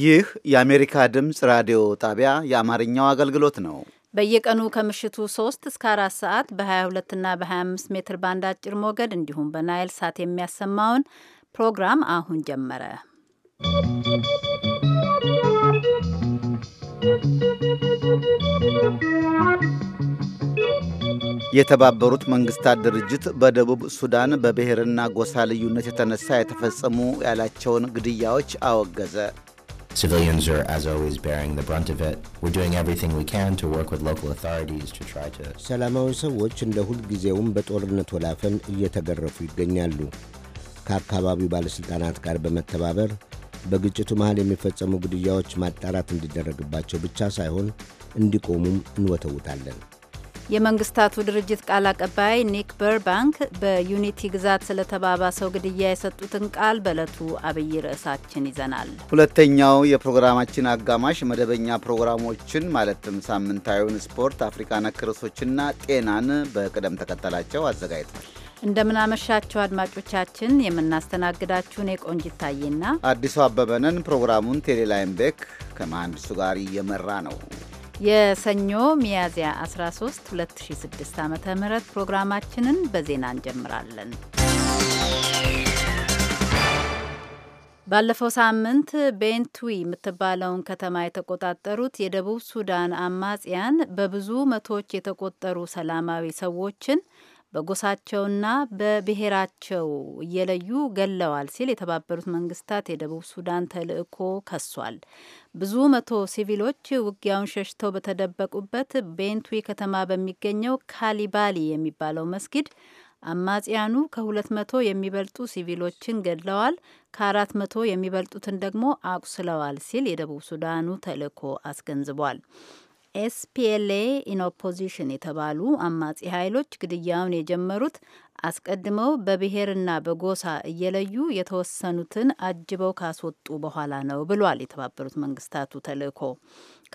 ይህ የአሜሪካ ድምፅ ራዲዮ ጣቢያ የአማርኛው አገልግሎት ነው። በየቀኑ ከምሽቱ 3 እስከ 4 ሰዓት በ22 እና በ25 ሜትር ባንድ አጭር ሞገድ እንዲሁም በናይል ሳት የሚያሰማውን ፕሮግራም አሁን ጀመረ። የተባበሩት መንግስታት ድርጅት በደቡብ ሱዳን በብሔርና ጎሳ ልዩነት የተነሳ የተፈጸሙ ያላቸውን ግድያዎች አወገዘ። Civilians are, as always, bearing the brunt of it. We're doing everything we can to work with local authorities to try to... ሰላማዊ ሰዎች እንደ ሁልጊዜውም በጦርነት ወላፈን እየተገረፉ ይገኛሉ። ከአካባቢው ባለሥልጣናት ጋር በመተባበር በግጭቱ መሃል የሚፈጸሙ ግድያዎች ማጣራት እንዲደረግባቸው ብቻ ሳይሆን እንዲቆሙም እንወተውታለን። የመንግስታቱ ድርጅት ቃል አቀባይ ኒክ በርባንክ በዩኒቲ ግዛት ስለተባባሰው ግድያ የሰጡትን ቃል በዕለቱ አብይ ርዕሳችን ይዘናል። ሁለተኛው የፕሮግራማችን አጋማሽ መደበኛ ፕሮግራሞችን ማለትም ሳምንታዊውን ስፖርት፣ አፍሪካ ነክ ርዕሶችና ጤናን በቅደም ተከተላቸው አዘጋጅቷል። እንደምናመሻቸው አድማጮቻችን የምናስተናግዳችሁን የቆንጅ ታዬና አዲሱ አበበንን ፕሮግራሙን ቴሌላይም ቤክ ጋር እየመራ ነው። የሰኞ ሚያዝያ 13 2006 ዓ ም ፕሮግራማችንን በዜና እንጀምራለን። ባለፈው ሳምንት ቤንቱዊ የምትባለውን ከተማ የተቆጣጠሩት የደቡብ ሱዳን አማጽያን በብዙ መቶዎች የተቆጠሩ ሰላማዊ ሰዎችን በጎሳቸውና በብሔራቸው እየለዩ ገለዋል ሲል የተባበሩት መንግስታት የደቡብ ሱዳን ተልእኮ ከሷል። ብዙ መቶ ሲቪሎች ውጊያውን ሸሽተው በተደበቁበት ቤንቱዊ ከተማ በሚገኘው ካሊባሊ የሚባለው መስጊድ አማጽያኑ ከሁለት መቶ የሚበልጡ ሲቪሎችን ገድለዋል፣ ከአራት መቶ የሚበልጡትን ደግሞ አቁስለዋል ሲል የደቡብ ሱዳኑ ተልእኮ አስገንዝቧል። ኤስፒኤልኤ ኢን ኦፖዚሽን የተባሉ አማጺ ኃይሎች ግድያውን የጀመሩት አስቀድመው በብሔርና በጎሳ እየለዩ የተወሰኑትን አጅበው ካስወጡ በኋላ ነው ብሏል የተባበሩት መንግስታቱ ተልእኮ።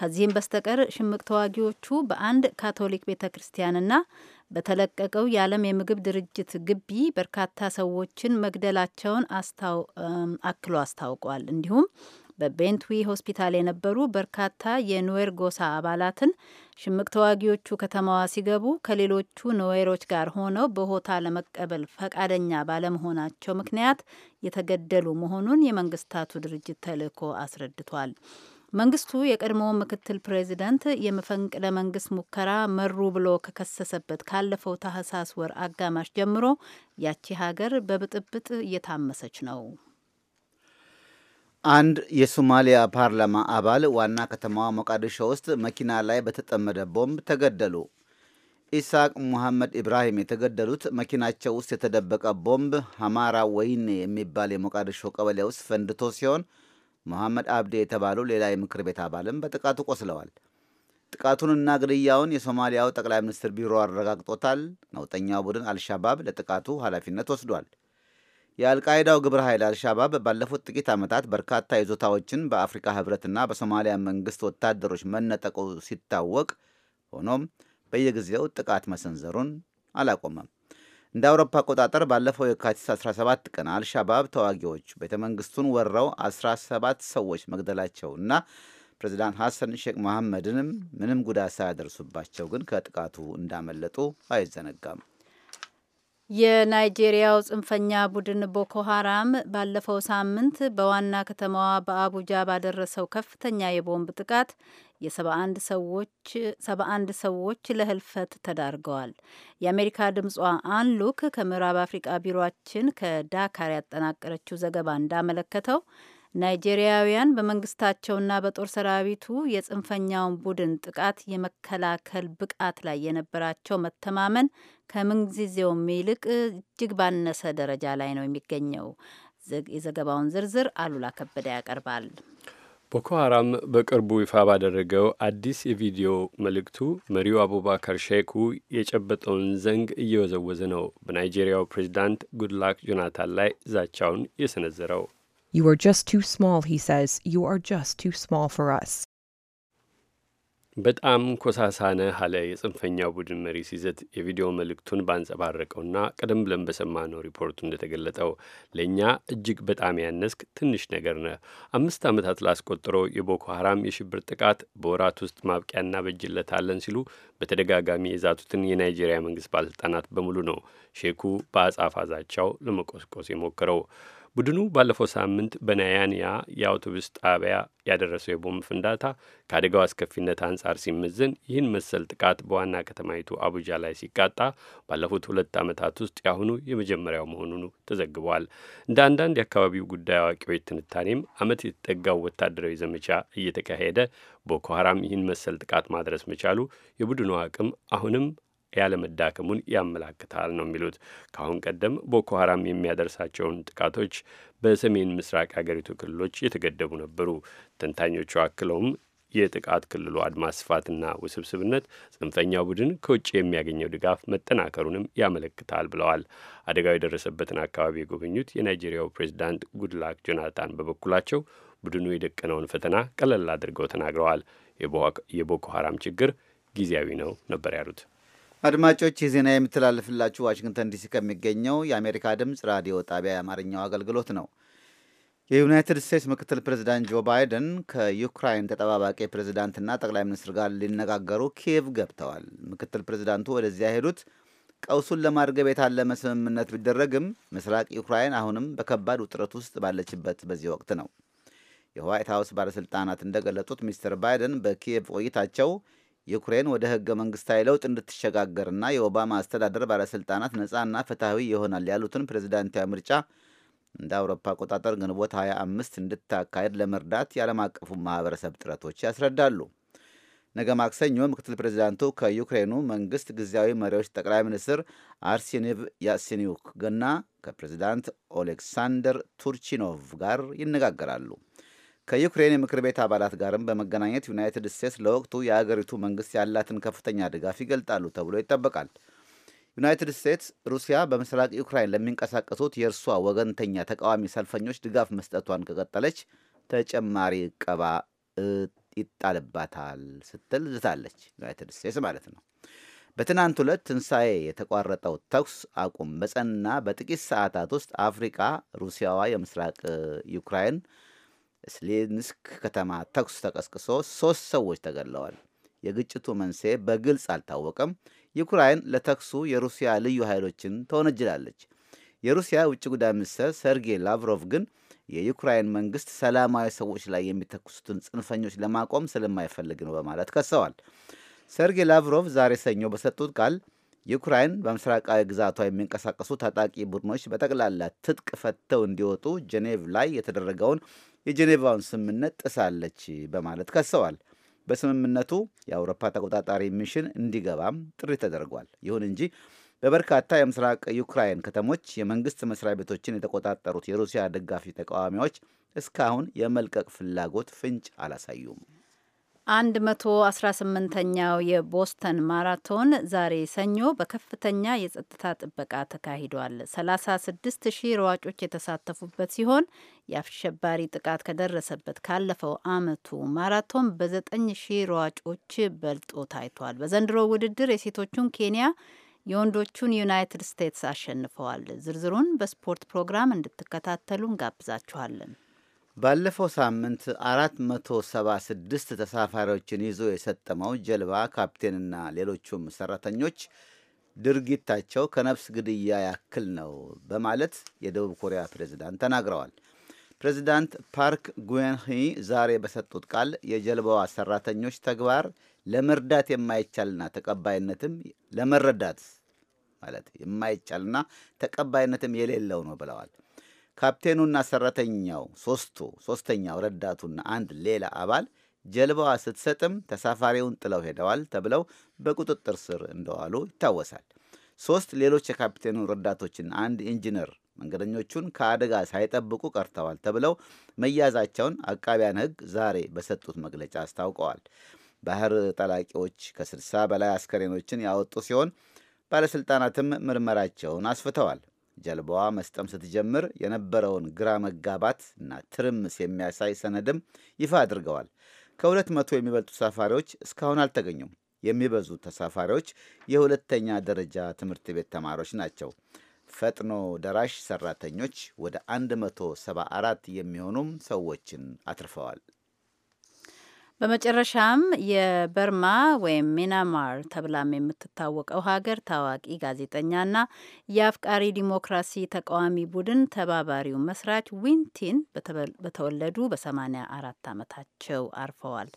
ከዚህም በስተቀር ሽምቅ ተዋጊዎቹ በአንድ ካቶሊክ ቤተ ክርስቲያንና በተለቀቀው የዓለም የምግብ ድርጅት ግቢ በርካታ ሰዎችን መግደላቸውን አክሎ አስታውቋል። እንዲሁም በቤንትዊ ሆስፒታል የነበሩ በርካታ የኑዌር ጎሳ አባላትን ሽምቅ ተዋጊዎቹ ከተማዋ ሲገቡ ከሌሎቹ ኑዌሮች ጋር ሆነው በሆታ ለመቀበል ፈቃደኛ ባለመሆናቸው ምክንያት የተገደሉ መሆኑን የመንግስታቱ ድርጅት ተልእኮ አስረድቷል። መንግስቱ የቀድሞ ምክትል ፕሬዚደንት የመፈንቅለ መንግስት ሙከራ መሩ ብሎ ከከሰሰበት ካለፈው ታህሳስ ወር አጋማሽ ጀምሮ ያቺ ሀገር በብጥብጥ እየታመሰች ነው። አንድ የሶማሊያ ፓርላማ አባል ዋና ከተማዋ ሞቃዲሾ ውስጥ መኪና ላይ በተጠመደ ቦምብ ተገደሉ። ኢስሐቅ ሙሐመድ ኢብራሂም የተገደሉት መኪናቸው ውስጥ የተደበቀ ቦምብ ሐማራ ወይኔ የሚባል የሞቃዲሾ ቀበሌ ውስጥ ፈንድቶ ሲሆን መሐመድ አብዴ የተባሉ ሌላ የምክር ቤት አባልም በጥቃቱ ቆስለዋል። ጥቃቱንና ግድያውን የሶማሊያው ጠቅላይ ሚኒስትር ቢሮ አረጋግጦታል። ነውጠኛው ቡድን አልሻባብ ለጥቃቱ ኃላፊነት ወስዷል። የአልቃይዳው ግብረ ኃይል አልሻባብ ባለፉት ጥቂት ዓመታት በርካታ ይዞታዎችን በአፍሪካ ህብረትና በሶማሊያ መንግስት ወታደሮች መነጠቁ ሲታወቅ፣ ሆኖም በየጊዜው ጥቃት መሰንዘሩን አላቆመም። እንደ አውሮፓ አቆጣጠር ባለፈው የካቲት 17 ቀን አልሻባብ ተዋጊዎች ቤተ መንግስቱን ወረው 17 ሰዎች መግደላቸውና ፕሬዚዳንት ሐሰን ሼክ መሐመድንም ምንም ጉዳት ሳያደርሱባቸው ግን ከጥቃቱ እንዳመለጡ አይዘነጋም። የናይጄሪያው ጽንፈኛ ቡድን ቦኮ ሀራም ባለፈው ሳምንት በዋና ከተማዋ በአቡጃ ባደረሰው ከፍተኛ የቦምብ ጥቃት የ ሰዎች ለህልፈት ተዳርገዋል። የአሜሪካ ድምጿ አን ሉክ ከምዕራብ አፍሪቃ ቢሮችን ከዳካር ያጠናቀረችው ዘገባ እንዳመለከተው ናይጄሪያውያን በመንግስታቸውና በጦር ሰራዊቱ የጽንፈኛውን ቡድን ጥቃት የመከላከል ብቃት ላይ የነበራቸው መተማመን ከምንጊዜውም ይልቅ እጅግ ባነሰ ደረጃ ላይ ነው የሚገኘው። የዘገባውን ዝርዝር አሉላ ከበደ ያቀርባል። ቦኮ ሀራም በቅርቡ ይፋ ባደረገው አዲስ የቪዲዮ መልእክቱ መሪው አቡባከር ሼኩ የጨበጠውን ዘንግ እየወዘወዘ ነው በናይጄሪያው ፕሬዚዳንት ጉድላክ ጆናታን ላይ ዛቻውን የሰነዘረው። You are just too small, he says. You are just too small for us. በጣም ኮሳሳነ አለ የጽንፈኛው ቡድን መሪ ሲዘት የቪዲዮ መልእክቱን ባንጸባረቀውና ቀደም ብለን በሰማነው ሪፖርቱ እንደተገለጠው ለእኛ እጅግ በጣም ያነስክ ትንሽ ነገር ነ። አምስት ዓመታት ላስቆጥሮ የቦኮ ሀራም የሽብር ጥቃት በወራት ውስጥ ማብቂያ እናበጅለታለን ሲሉ በተደጋጋሚ የዛቱትን የናይጄሪያ መንግስት ባለስልጣናት በሙሉ ነው ሼኩ በአጻፋ ዛቻው ለመቆስቆስ የሞከረው። ቡድኑ ባለፈው ሳምንት በናያንያ የአውቶቡስ ጣቢያ ያደረሰው የቦምብ ፍንዳታ ከአደጋው አስከፊነት አንጻር ሲመዘን ይህን መሰል ጥቃት በዋና ከተማይቱ አቡጃ ላይ ሲቃጣ ባለፉት ሁለት ዓመታት ውስጥ ያሁኑ የመጀመሪያው መሆኑን ተዘግቧል። እንደ አንዳንድ የአካባቢው ጉዳይ አዋቂዎች ትንታኔም ዓመት የተጠጋው ወታደራዊ ዘመቻ እየተካሄደ ቦኮ ሀራም ይህን መሰል ጥቃት ማድረስ መቻሉ የቡድኑ አቅም አሁንም ያለመዳከሙን ያመላክታል ነው የሚሉት። ከአሁን ቀደም ቦኮ ሀራም የሚያደርሳቸውን ጥቃቶች በሰሜን ምስራቅ አገሪቱ ክልሎች የተገደቡ ነበሩ። ተንታኞቹ አክለውም የጥቃት ክልሉ አድማስ ስፋትና ውስብስብነት ጽንፈኛው ቡድን ከውጭ የሚያገኘው ድጋፍ መጠናከሩንም ያመለክታል ብለዋል። አደጋው የደረሰበትን አካባቢ የጎበኙት የናይጄሪያው ፕሬዚዳንት ጉድላክ ጆናታን በበኩላቸው ቡድኑ የደቀነውን ፈተና ቀለል አድርገው ተናግረዋል። የቦኮ ሀራም ችግር ጊዜያዊ ነው ነበር ያሉት። አድማጮች ይህ ዜና የሚተላለፍላችሁ ዋሽንግተን ዲሲ ከሚገኘው የአሜሪካ ድምፅ ራዲዮ ጣቢያ የአማርኛው አገልግሎት ነው። የዩናይትድ ስቴትስ ምክትል ፕሬዚዳንት ጆ ባይደን ከዩክራይን ተጠባባቂ ፕሬዚዳንትና ጠቅላይ ሚኒስትር ጋር ሊነጋገሩ ኪየቭ ገብተዋል። ምክትል ፕሬዚዳንቱ ወደዚያ ሄዱት ቀውሱን ለማርገብ የታለመ ስምምነት ቢደረግም ምስራቅ ዩክራይን አሁንም በከባድ ውጥረት ውስጥ ባለችበት በዚህ ወቅት ነው። የዋይት ሀውስ ባለሥልጣናት እንደገለጡት ሚስተር ባይደን በኪየቭ ቆይታቸው ዩክሬን ወደ ህገ መንግስታዊ ለውጥ እንድትሸጋገርና የኦባማ አስተዳደር ባለሥልጣናት ነፃና ፍትሐዊ ይሆናል ያሉትን ፕሬዚዳንታዊ ምርጫ እንደ አውሮፓ አቆጣጠር ግንቦት 25 እንድታካሄድ ለመርዳት የዓለም አቀፉ ማህበረሰብ ጥረቶች ያስረዳሉ። ነገ ማክሰኞ ምክትል ፕሬዚዳንቱ ከዩክሬኑ መንግስት ጊዜያዊ መሪዎች ጠቅላይ ሚኒስትር አርሴኒቭ ያሲኒዩክ እና ከፕሬዚዳንት ኦሌክሳንደር ቱርቺኖቭ ጋር ይነጋገራሉ። ከዩክሬን የምክር ቤት አባላት ጋርም በመገናኘት ዩናይትድ ስቴትስ ለወቅቱ የአገሪቱ መንግስት ያላትን ከፍተኛ ድጋፍ ይገልጣሉ ተብሎ ይጠበቃል። ዩናይትድ ስቴትስ ሩሲያ በምስራቅ ዩክራይን ለሚንቀሳቀሱት የእርሷ ወገንተኛ ተቃዋሚ ሰልፈኞች ድጋፍ መስጠቷን ከቀጠለች ተጨማሪ እቀባ ይጣልባታል ስትል ዝታለች። ዩናይትድ ስቴትስ ማለት ነው። በትናንት ሁለት ትንሣኤ የተቋረጠው ተኩስ አቁም በጸና በጥቂት ሰዓታት ውስጥ አፍሪቃ ሩሲያዋ የምስራቅ ዩክራይን ስሌንስክ ከተማ ተኩስ ተቀስቅሶ ሦስት ሰዎች ተገድለዋል። የግጭቱ መንስኤ በግልጽ አልታወቀም። ዩክራይን ለተኩሱ የሩሲያ ልዩ ኃይሎችን ተወነጅላለች። የሩሲያ ውጭ ጉዳይ ሚኒስትር ሰርጌይ ላቭሮቭ ግን የዩክራይን መንግስት ሰላማዊ ሰዎች ላይ የሚተኩሱትን ጽንፈኞች ለማቆም ስለማይፈልግ ነው በማለት ከሰዋል። ሰርጌይ ላቭሮቭ ዛሬ ሰኞ በሰጡት ቃል ዩክራይን በምስራቃዊ ግዛቷ የሚንቀሳቀሱ ታጣቂ ቡድኖች በጠቅላላ ትጥቅ ፈተው እንዲወጡ ጄኔቭ ላይ የተደረገውን የጄኔቫውን ስምምነት ጥሳለች በማለት ከሰዋል። በስምምነቱ የአውሮፓ ተቆጣጣሪ ሚሽን እንዲገባም ጥሪ ተደርጓል። ይሁን እንጂ በበርካታ የምስራቅ ዩክራይን ከተሞች የመንግስት መስሪያ ቤቶችን የተቆጣጠሩት የሩሲያ ደጋፊ ተቃዋሚዎች እስካሁን የመልቀቅ ፍላጎት ፍንጭ አላሳዩም። አንድ መቶ አስራ ስምንተኛው የቦስተን ማራቶን ዛሬ ሰኞ በከፍተኛ የጸጥታ ጥበቃ ተካሂዷል። ሰላሳ ስድስት ሺህ ሯጮች የተሳተፉበት ሲሆን የአሸባሪ ጥቃት ከደረሰበት ካለፈው ዓመቱ ማራቶን በዘጠኝ ሺህ ሯጮች በልጦ ታይቷል። በዘንድሮ ውድድር የሴቶቹን ኬንያ የወንዶቹን ዩናይትድ ስቴትስ አሸንፈዋል። ዝርዝሩን በስፖርት ፕሮግራም እንድትከታተሉ እንጋብዛችኋለን። ባለፈው ሳምንት 476 ተሳፋሪዎችን ይዞ የሰጠመው ጀልባ ካፕቴንና ሌሎቹም ሰራተኞች ድርጊታቸው ከነፍስ ግድያ ያክል ነው በማለት የደቡብ ኮሪያ ፕሬዝዳንት ተናግረዋል። ፕሬዝዳንት ፓርክ ጉንሂ ዛሬ በሰጡት ቃል የጀልባዋ ሰራተኞች ተግባር ለመርዳት የማይቻልና ተቀባይነትም ለመረዳት ማለት የማይቻልና ተቀባይነትም የሌለው ነው ብለዋል። ካፕቴኑና ሰራተኛው ሶስቱ ሶስተኛው ረዳቱና አንድ ሌላ አባል ጀልባዋ ስትሰጥም ተሳፋሪውን ጥለው ሄደዋል ተብለው በቁጥጥር ስር እንደዋሉ ይታወሳል። ሶስት ሌሎች የካፕቴኑ ረዳቶችና አንድ ኢንጂነር መንገደኞቹን ከአደጋ ሳይጠብቁ ቀርተዋል ተብለው መያዛቸውን አቃቢያን ሕግ ዛሬ በሰጡት መግለጫ አስታውቀዋል። ባህር ጠላቂዎች ከ60 በላይ አስከሬኖችን ያወጡ ሲሆን ባለሥልጣናትም ምርመራቸውን አስፍተዋል። ጀልባዋ መስጠም ስትጀምር የነበረውን ግራ መጋባት እና ትርምስ የሚያሳይ ሰነድም ይፋ አድርገዋል። ከሁለት መቶ የሚበልጡ ተሳፋሪዎች እስካሁን አልተገኙም። የሚበዙ ተሳፋሪዎች የሁለተኛ ደረጃ ትምህርት ቤት ተማሪዎች ናቸው። ፈጥኖ ደራሽ ሰራተኞች ወደ 174 የሚሆኑም ሰዎችን አትርፈዋል። በመጨረሻም የበርማ ወይም ሚናማር ተብላም የምትታወቀው ሀገር ታዋቂ ጋዜጠኛና የአፍቃሪ ዲሞክራሲ ተቃዋሚ ቡድን ተባባሪው መስራች ዊንቲን በተወለዱ በ84 ዓመታቸው አርፈዋል።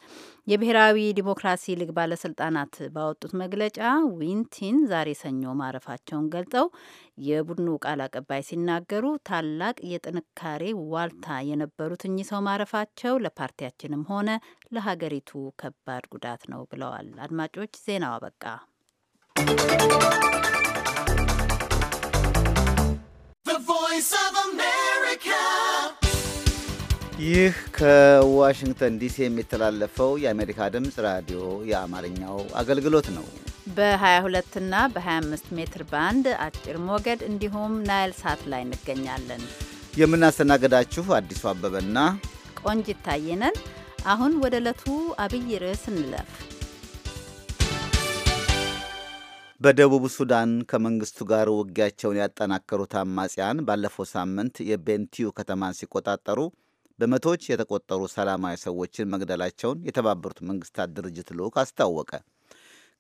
የብሔራዊ ዲሞክራሲ ሊግ ባለስልጣናት ባወጡት መግለጫ ዊንቲን ዛሬ ሰኞ ማረፋቸውን ገልጸው የቡድኑ ቃል አቀባይ ሲናገሩ ታላቅ የጥንካሬ ዋልታ የነበሩት እኚህ ሰው ማረፋቸው ለፓርቲያችንም ሆነ ለሀገሪቱ ከባድ ጉዳት ነው ብለዋል። አድማጮች ዜናው አበቃ። ይህ ከዋሽንግተን ዲሲ የሚተላለፈው የአሜሪካ ድምፅ ራዲዮ የአማርኛው አገልግሎት ነው። በ22 እና በ25 ሜትር ባንድ አጭር ሞገድ እንዲሁም ናይል ሳት ላይ እንገኛለን። የምናስተናግዳችሁ አዲሱ አበበና ቆንጅ ይታየነን። አሁን ወደ ዕለቱ አብይ ርዕስ እንለፍ። በደቡብ ሱዳን ከመንግስቱ ጋር ውጊያቸውን ያጠናከሩት አማጽያን ባለፈው ሳምንት የቤንቲዩ ከተማን ሲቆጣጠሩ በመቶዎች የተቆጠሩ ሰላማዊ ሰዎችን መግደላቸውን የተባበሩት መንግስታት ድርጅት ልዑክ አስታወቀ።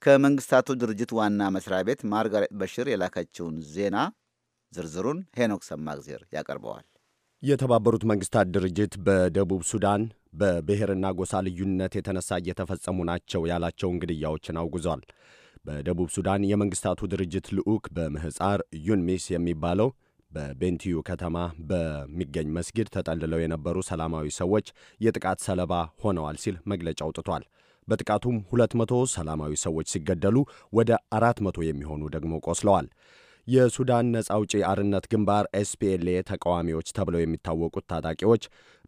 ከመንግስታቱ ድርጅት ዋና መስሪያ ቤት ማርጋሬት በሽር የላከችውን ዜና ዝርዝሩን ሄኖክ ሰማግዜር ያቀርበዋል። የተባበሩት መንግስታት ድርጅት በደቡብ ሱዳን በብሔርና ጎሳ ልዩነት የተነሳ እየተፈጸሙ ናቸው ያላቸውን ግድያዎችን አውግዟል። በደቡብ ሱዳን የመንግስታቱ ድርጅት ልዑክ በምህፃር ዩንሚስ የሚባለው በቤንቲዩ ከተማ በሚገኝ መስጊድ ተጠልለው የነበሩ ሰላማዊ ሰዎች የጥቃት ሰለባ ሆነዋል ሲል መግለጫ አውጥቷል። በጥቃቱም 200 ሰላማዊ ሰዎች ሲገደሉ ወደ 400 የሚሆኑ ደግሞ ቆስለዋል። የሱዳን ነጻ አውጪ አርነት ግንባር ኤስፒኤልኤ ተቃዋሚዎች ተብለው የሚታወቁት ታጣቂዎች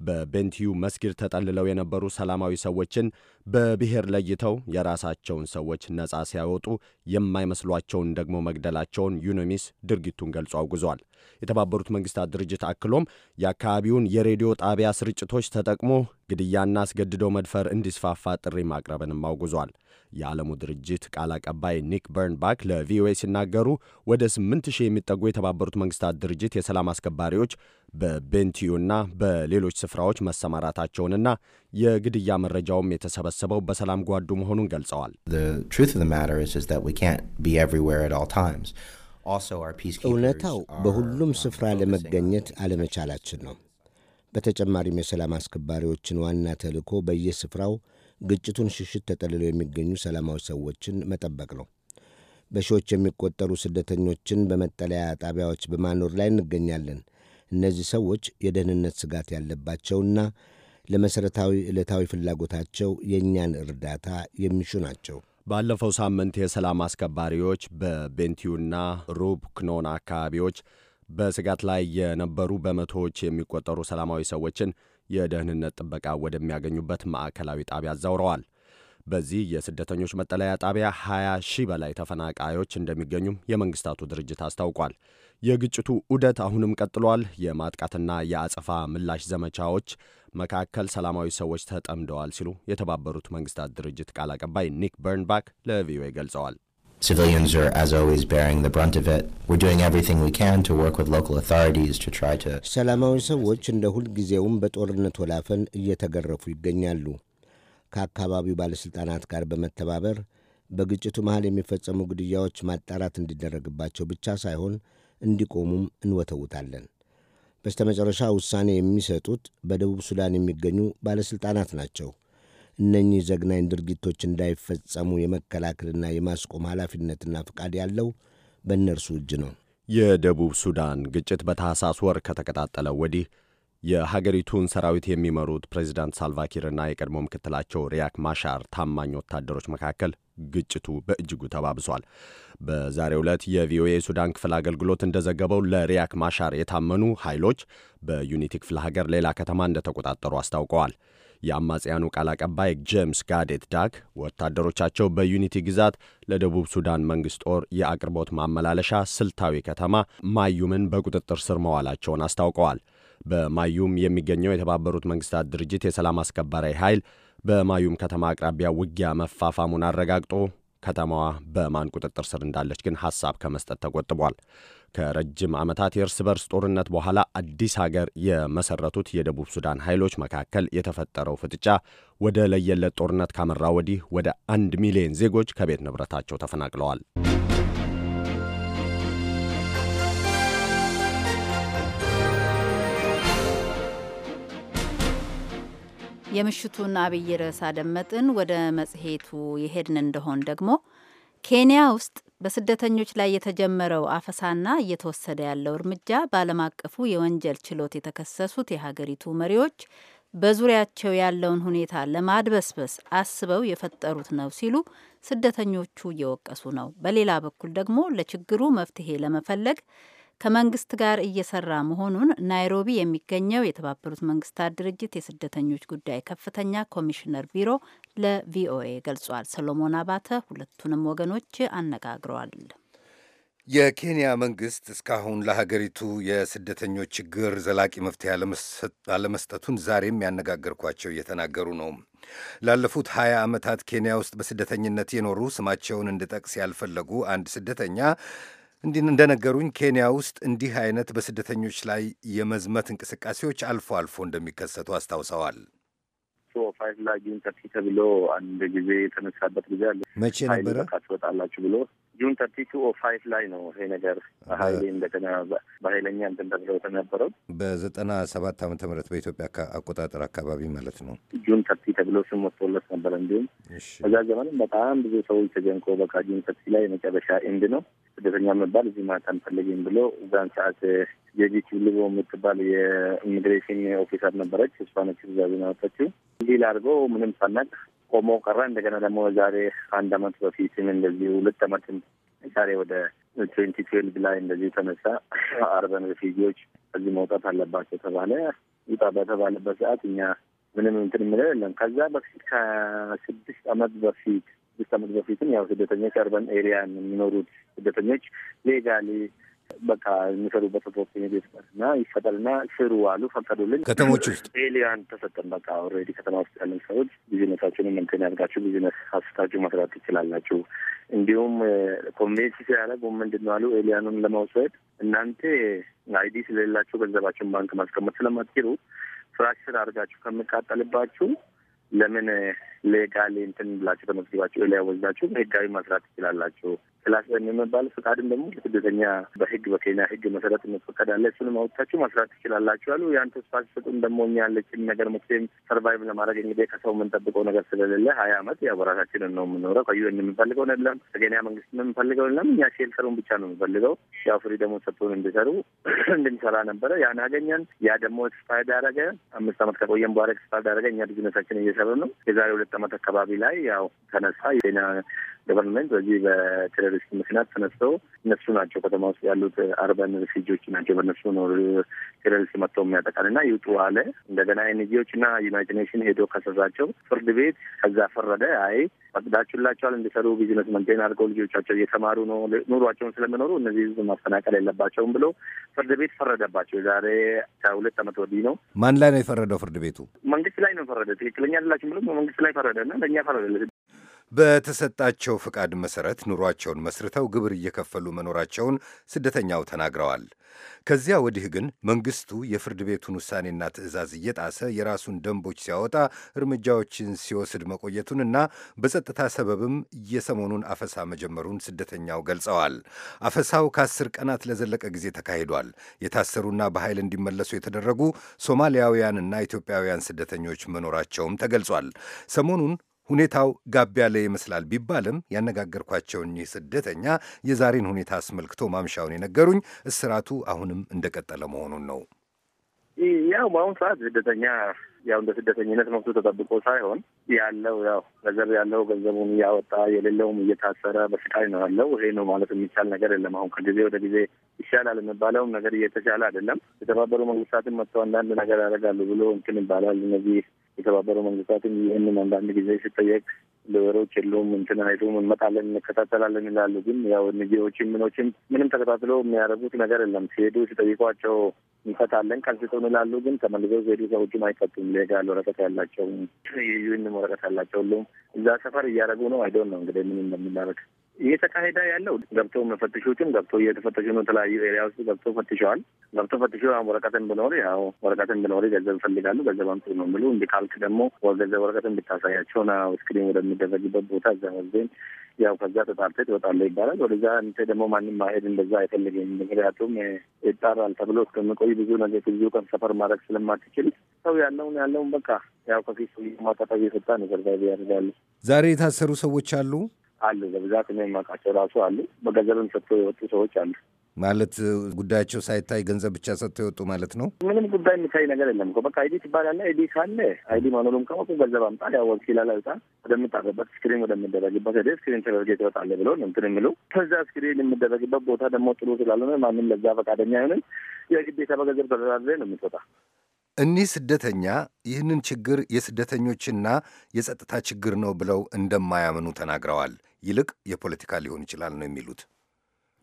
በቤንቲዩ መስጊድ ተጠልለው የነበሩ ሰላማዊ ሰዎችን በብሔር ለይተው የራሳቸውን ሰዎች ነጻ ሲያወጡ የማይመስሏቸውን ደግሞ መግደላቸውን ዩኖሚስ ድርጊቱን ገልጾ አውግዟል። የተባበሩት መንግስታት ድርጅት አክሎም የአካባቢውን የሬዲዮ ጣቢያ ስርጭቶች ተጠቅሞ ግድያና አስገድዶ መድፈር እንዲስፋፋ ጥሪ ማቅረብንም አውግዟል። የዓለሙ ድርጅት ቃል አቀባይ ኒክ በርንባክ ለቪኦኤ ሲናገሩ ወደ ስምንት ሺህ የሚጠጉ የተባበሩት መንግስታት ድርጅት የሰላም አስከባሪዎች በቤንቲዩና በሌሎች ስፍራዎች መሰማራታቸውንና የግድያ መረጃውም የተሰበሰበው በሰላም ጓዱ መሆኑን ገልጸዋል። እውነታው በሁሉም ስፍራ ለመገኘት አለመቻላችን ነው። በተጨማሪም የሰላም አስከባሪዎችን ዋና ተልዕኮ በየስፍራው ግጭቱን ሽሽት ተጠልለው የሚገኙ ሰላማዊ ሰዎችን መጠበቅ ነው። በሺዎች የሚቆጠሩ ስደተኞችን በመጠለያ ጣቢያዎች በማኖር ላይ እንገኛለን። እነዚህ ሰዎች የደህንነት ስጋት ያለባቸውና ለመሠረታዊ ዕለታዊ ፍላጎታቸው የእኛን እርዳታ የሚሹ ናቸው። ባለፈው ሳምንት የሰላም አስከባሪዎች በቤንቲዩና ሩብ ክኖን አካባቢዎች በስጋት ላይ የነበሩ በመቶዎች የሚቆጠሩ ሰላማዊ ሰዎችን የደህንነት ጥበቃ ወደሚያገኙበት ማዕከላዊ ጣቢያ አዛውረዋል። በዚህ የስደተኞች መጠለያ ጣቢያ 20 ሺህ በላይ ተፈናቃዮች እንደሚገኙም የመንግስታቱ ድርጅት አስታውቋል። የግጭቱ ዑደት አሁንም ቀጥሏል። የማጥቃትና የአጸፋ ምላሽ ዘመቻዎች መካከል ሰላማዊ ሰዎች ተጠምደዋል ሲሉ የተባበሩት መንግስታት ድርጅት ቃል አቀባይ ኒክ በርንባክ ለቪኦኤ ገልጸዋል። ሰላማዊ ሰዎች እንደ ሁልጊዜውም በጦርነት ወላፈን እየተገረፉ ይገኛሉ። ከአካባቢው ባለሥልጣናት ጋር በመተባበር በግጭቱ መሃል የሚፈጸሙ ግድያዎች ማጣራት እንዲደረግባቸው ብቻ ሳይሆን እንዲቆሙም እንወተውታለን። በስተመጨረሻ ውሳኔ የሚሰጡት በደቡብ ሱዳን የሚገኙ ባለሥልጣናት ናቸው። እነኚህ ዘግናኝ ድርጊቶች እንዳይፈጸሙ የመከላከልና የማስቆም ኃላፊነትና ፍቃድ ያለው በእነርሱ እጅ ነው። የደቡብ ሱዳን ግጭት በታህሳስ ወር ከተቀጣጠለ ወዲህ የሀገሪቱን ሰራዊት የሚመሩት ፕሬዚዳንት ሳልቫኪርና የቀድሞ ምክትላቸው ሪያክ ማሻር ታማኝ ወታደሮች መካከል ግጭቱ በእጅጉ ተባብሷል። በዛሬው ዕለት የቪኦኤ ሱዳን ክፍል አገልግሎት እንደዘገበው ለሪያክ ማሻር የታመኑ ኃይሎች በዩኒቲ ክፍለ ሀገር ሌላ ከተማ እንደተቆጣጠሩ አስታውቀዋል። የአማጽያኑ ቃል አቀባይ ጄምስ ጋዴት ዳክ ወታደሮቻቸው በዩኒቲ ግዛት ለደቡብ ሱዳን መንግሥት ጦር የአቅርቦት ማመላለሻ ስልታዊ ከተማ ማዩምን በቁጥጥር ስር መዋላቸውን አስታውቀዋል። በማዩም የሚገኘው የተባበሩት መንግሥታት ድርጅት የሰላም አስከባሪ ኃይል በማዩም ከተማ አቅራቢያ ውጊያ መፋፋሙን አረጋግጦ ከተማዋ በማን ቁጥጥር ስር እንዳለች ግን ሐሳብ ከመስጠት ተቆጥቧል። ከረጅም ዓመታት የእርስ በርስ ጦርነት በኋላ አዲስ ሀገር የመሰረቱት የደቡብ ሱዳን ኃይሎች መካከል የተፈጠረው ፍጥጫ ወደ ለየለት ጦርነት ካመራ ወዲህ ወደ አንድ ሚሊዮን ዜጎች ከቤት ንብረታቸው ተፈናቅለዋል። የምሽቱን አብይ ርዕስ አደመጥን። ወደ መጽሔቱ የሄድን እንደሆን ደግሞ ኬንያ ውስጥ በስደተኞች ላይ የተጀመረው አፈሳና እየተወሰደ ያለው እርምጃ በዓለም አቀፉ የወንጀል ችሎት የተከሰሱት የሀገሪቱ መሪዎች በዙሪያቸው ያለውን ሁኔታ ለማድበስበስ አስበው የፈጠሩት ነው ሲሉ ስደተኞቹ እየወቀሱ ነው። በሌላ በኩል ደግሞ ለችግሩ መፍትሄ ለመፈለግ ከመንግስት ጋር እየሰራ መሆኑን ናይሮቢ የሚገኘው የተባበሩት መንግስታት ድርጅት የስደተኞች ጉዳይ ከፍተኛ ኮሚሽነር ቢሮ ለቪኦኤ ገልጿል። ሰሎሞን አባተ ሁለቱንም ወገኖች አነጋግረዋል። የኬንያ መንግስት እስካሁን ለሀገሪቱ የስደተኞች ችግር ዘላቂ መፍትሄ አለመስጠቱን ዛሬም ያነጋገርኳቸው እየተናገሩ ነው። ላለፉት ሀያ ዓመታት ኬንያ ውስጥ በስደተኝነት የኖሩ ስማቸውን እንድጠቅስ ያልፈለጉ አንድ ስደተኛ እንደነገሩኝ ኬንያ ውስጥ እንዲህ አይነት በስደተኞች ላይ የመዝመት እንቅስቃሴዎች አልፎ አልፎ እንደሚከሰቱ አስታውሰዋል። ፋይል ላጊን ተብሎ አንድ ጊዜ የተነሳበት ጊዜ አለ። መቼ ነበረ? ትወጣላችሁ ብሎ ጁን ተርቲ ቱ ኦ ፋይቭ ላይ ነው ይሄ ነገር ሀይሌ እንደገና በሀይለኛ እንትን ተብለው ተነበረው በዘጠና ሰባት ዓመተ ምህረት በኢትዮጵያ አቆጣጠር አካባቢ ማለት ነው። ጁን ተርቲ ተብሎ ስም ወጥቶለት ነበረ። እንዲሁም እዛ ዘመንም በጣም ብዙ ሰዎች ተጀንቆ በቃ ጁን ተርቲ ላይ የመጨረሻ ኢንድ ነው ስደተኛ መባል እዚህ ማታ አንፈልግም ብሎ እዛን ሰዓት የጂች ልቦ የምትባል የኢሚግሬሽን ኦፊሰር ነበረች። እሷ ነች ትእዛዙን አወጣችው። እንዲህ ላድርገው ምንም ሳናቅ ቆሞ ቀረ። እንደገና ደግሞ ዛሬ አንድ አመት በፊትም እንደዚህ ሁለት አመትም ዛሬ ወደ ትዌንቲ ትዌልቭ ላይ እንደዚህ ተነሳ። አርበን ሪፊውጂዎች እዚህ መውጣት አለባቸው ተባለ። ውጣ በተባለበት ሰዓት እኛ ምንም እንትን ምለ የለም። ከዛ በፊት ከስድስት አመት በፊት ስድስት አመት በፊትም ያው ስደተኞች አርበን ኤሪያ የሚኖሩት ስደተኞች ሌጋሊ በቃ የሚሰሩበት ኦፖርቹኒቲ ይፈጥና ይፈጠርና ስሩ አሉ፣ ፈቀዱልን። ከተሞች ውስጥ ኤሊያን ተሰጠን። በቃ ኦልሬዲ ከተማ ውስጥ ያለን ሰዎች ቢዝነሳችንን እንትን ያድርጋችሁ፣ ቢዝነስ አስታችሁ መስራት ትችላላችሁ። እንዲሁም ኮንቬንስ ሲያደረግ ምንድን ነው አሉ ኤሊያኑን ለመውሰድ እናንተ አይዲ ስለሌላችሁ ገንዘባችሁን ባንክ ማስቀመጥ ስለማትችሉ ፍራክሽር አድርጋችሁ ከምቃጠልባችሁ ለምን ሌጋሊ እንትን ብላችሁ ተመዝግባችሁ ኤሊያ ወዛችሁ ህጋዊ መስራት ትችላላችሁ ጥላሸን የሚባል ፈቃድም ደግሞ ስደተኛ በህግ በኬንያ ህግ መሰረት እንፈቀዳለ እሱንም አውጥታችሁ መስራት ትችላላችሁ አሉ። ያን ተስፋ ሲሰጡም ደግሞ እኛ ያለችን ነገር መቼም ሰርቫይቭ ለማድረግ እንግዲህ ከሰው የምንጠብቀው ነገር ስለሌለ ሀያ አመት ያው በራሳችንን ነው የምንኖረው። ከዩ የምንፈልገውን የለም ከኬንያ መንግስት የምንፈልገው የለም። እኛ ሼልተሩን ብቻ ነው የምንፈልገው። ያው ፍሪ ደግሞ ሰጥቶን እንዲሰሩ እንድንሰራ ነበረ። ያን አገኘን። ያ ደግሞ ኤክስፓየርድ አደረገ። አምስት አመት ከቆየን በኋላ ኤክስፓየርድ አደረገ። እኛ ቢዝነሳችን እየሰሩ ነው። የዛሬ ሁለት አመት አካባቢ ላይ ያው ተነሳ ዜና ገቨርንመንት በዚህ በቴሮሪስት ምክንያት ተነስተው እነሱ ናቸው ከተማ ውስጥ ያሉት አርበን ሪፊጂዎች ናቸው በነሱ ነው ቴሮሪስት መጥተው የሚያጠቃል የሚያጠቃንና ይውጡ አለ። እንደገና ኤንጂዎች እና ዩናይትድ ኔሽን ሄዶ ከሰሳቸው ፍርድ ቤት ከዛ ፈረደ። አይ ፈቅዳችሁላቸዋል እንዲሰሩ ቢዝነስ መንቴን አድርገው ልጆቻቸው እየተማሩ ነው ኑሯቸውን ስለሚኖሩ እነዚህ ህዝብ ማፈናቀል የለባቸውም ብሎ ፍርድ ቤት ፈረደባቸው። ዛሬ ከሁለት ዓመት ወዲህ ነው። ማን ላይ ነው የፈረደው? ፍርድ ቤቱ መንግስት ላይ ነው ፈረደ። ትክክለኛ አይደላችሁም ብሎ መንግስት ላይ ፈረደ እና ለእኛ ፈረደ በተሰጣቸው ፍቃድ መሠረት ኑሯቸውን መስርተው ግብር እየከፈሉ መኖራቸውን ስደተኛው ተናግረዋል። ከዚያ ወዲህ ግን መንግስቱ የፍርድ ቤቱን ውሳኔና ትዕዛዝ እየጣሰ የራሱን ደንቦች ሲያወጣ እርምጃዎችን ሲወስድ መቆየቱንና በጸጥታ ሰበብም የሰሞኑን አፈሳ መጀመሩን ስደተኛው ገልጸዋል። አፈሳው ከአስር ቀናት ለዘለቀ ጊዜ ተካሂዷል። የታሰሩና በኃይል እንዲመለሱ የተደረጉ ሶማሊያውያንና ኢትዮጵያውያን ስደተኞች መኖራቸውም ተገልጿል። ሰሞኑን ሁኔታው ጋብ ያለ ይመስላል ቢባልም ያነጋገርኳቸው እኚህ ስደተኛ የዛሬን ሁኔታ አስመልክቶ ማምሻውን የነገሩኝ እስራቱ አሁንም እንደቀጠለ መሆኑን ነው። ያው በአሁኑ ሰዓት ስደተኛ ያው እንደ ስደተኝነት መብቱ ተጠብቆ ሳይሆን ያለው ያው ገንዘብ ያለው ገንዘቡን እያወጣ የሌለውም እየታሰረ በስቃይ ነው ያለው። ይሄ ነው ማለት የሚቻል ነገር የለም። አሁን ከጊዜ ወደ ጊዜ ይሻላል የሚባለውም ነገር እየተሻለ አይደለም። የተባበሩ መንግስታትን መጥተው አንዳንድ ነገር ያደርጋሉ ብሎ እንትን ይባላል። እነዚህ የተባበሩ መንግስታትም ይህንን አንዳንድ ጊዜ ሲጠየቅ ሌበሮች የለውም እንትን አይሉም እንመጣለን እንከታተላለን ይላሉ። ግን ያው ንጌዎችም ምኖችም ምንም ተከታትሎ የሚያደርጉት ነገር የለም። ሲሄዱ ሲጠይቋቸው እንፈታለን ቀንስቶን ይላሉ። ግን ተመልሰው ሲሄዱ ሰዎችም አይፈቱም። ሌጋል ወረቀት ያላቸውም የዩንም ወረቀት ያላቸው ሁሉም እዛ ሰፈር እያደረጉ ነው። አይዶን ነው እንግዲህ ምን እንደሚናረግ እየተካሄደ ያለው ገብተው መፈተሾችም ገብቶ እየተፈተሹ ነው። የተለያዩ ኤሪያ ውስጥ ገብቶ ፈትሸዋል። ገብቶ ፈትሾ ወረቀትን ብኖር ያው ወረቀትን ብኖር ገንዘብ ይፈልጋሉ። ገንዘብ አምጡ ነው የሚሉ እንዲ ካልክ ደግሞ ገንዘብ ወረቀትን ብታሳያቸው ና ስክሪን ወደሚደረግበት ቦታ እዛ መዜን ያው ከዛ ተጣርተ ትወጣለ ይባላል። ወደዛ እንተ ደግሞ ማንም ማሄድ እንደዛ አይፈልግም። ምክንያቱም ይጣራል ተብሎ እስከምቆይ ብዙ ነገር ብዙ ቀን ሰፈር ማድረግ ስለማትችል ሰው ያለውን ያለውን በቃ ያው ከፊት ማጣጣ እየሰጣ ነው ሰርቫይቭ ያደርጋሉ። ዛሬ የታሰሩ ሰዎች አሉ። አሉ። በብዛት እኔ የማውቃቸው ራሱ አሉ። በገንዘብም ሰጥቶ የወጡ ሰዎች አሉ። ማለት ጉዳያቸው ሳይታይ ገንዘብ ብቻ ሰጥተው የወጡ ማለት ነው። ምንም ጉዳይ የሚታይ ነገር የለም እኮ በቃ አይዲ ትባላለ። አይዲ ካለ አይዲ መኖሩን ካወቁ ገንዘብ አምጣ፣ ያ ወኪል አላውጣ፣ ወደምጣፈበት ስክሪን ወደምደረግበት ደ ስክሪን ተደርገ ትወጣለ ብሎ እንትን የሚሉ ከዛ ስክሪን የምደረግበት ቦታ ደግሞ ጥሩ ስላልሆነ ማንም ለዛ ፈቃደኛ አይሆንም። የግዴታ በገንዘብ ተደራድረ ነው የምትወጣ እኒህ ስደተኛ ይህንን ችግር የስደተኞችና የጸጥታ ችግር ነው ብለው እንደማያምኑ ተናግረዋል። ይልቅ የፖለቲካ ሊሆን ይችላል ነው የሚሉት።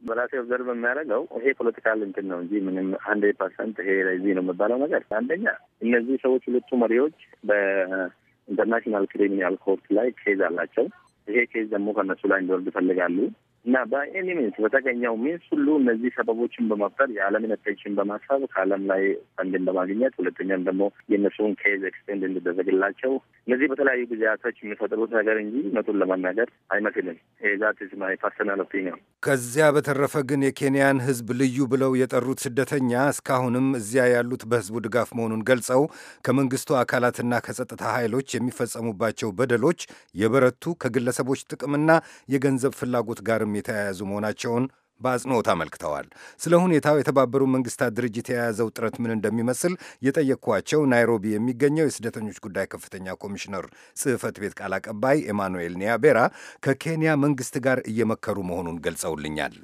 በራሴ ኦብዘርቭ የሚያደርገው ይሄ ፖለቲካል እንትን ነው እንጂ ምንም አንድ ፐርሰንት ይሄ ለዚህ ነው የሚባለው ነገር አንደኛ እነዚህ ሰዎች ሁለቱ መሪዎች በኢንተርናሽናል ክሪሚናል ኮርት ላይ ኬዝ አላቸው። ይሄ ኬዝ ደግሞ ከእነሱ ላይ እንዲወርድ ይፈልጋሉ። እና በኤኒ ሚንስ በተገኘው ሚንስ ሁሉ እነዚህ ሰበቦችን በመፍጠር የዓለምን አቴንሽን በማሳብ ከዓለም ላይ ፈንድን በማግኘት ሁለተኛም ደግሞ የእነሱን ኬዝ ኤክስቴንድ እንዲደረግላቸው እነዚህ በተለያዩ ጊዜያቶች የሚፈጥሩት ነገር እንጂ እውነቱን ለመናገር አይመስልም። ዛት ኢዝ ማይ ፐርሰናል ኦፒኒየን። ከዚያ በተረፈ ግን የኬንያን ሕዝብ ልዩ ብለው የጠሩት ስደተኛ እስካሁንም እዚያ ያሉት በሕዝቡ ድጋፍ መሆኑን ገልጸው ከመንግስቱ አካላትና ከጸጥታ ኃይሎች የሚፈጸሙባቸው በደሎች የበረቱ ከግለሰቦች ጥቅምና የገንዘብ ፍላጎት ጋርም ጋርም የተያያዙ መሆናቸውን በአጽንኦት አመልክተዋል። ስለ ሁኔታው የተባበሩ መንግስታት ድርጅት የያዘው ጥረት ምን እንደሚመስል የጠየቅኳቸው ናይሮቢ የሚገኘው የስደተኞች ጉዳይ ከፍተኛ ኮሚሽነር ጽህፈት ቤት ቃል አቀባይ ኤማኑኤል ኒያቤራ ከኬንያ መንግስት ጋር እየመከሩ መሆኑን ገልጸውልኛል።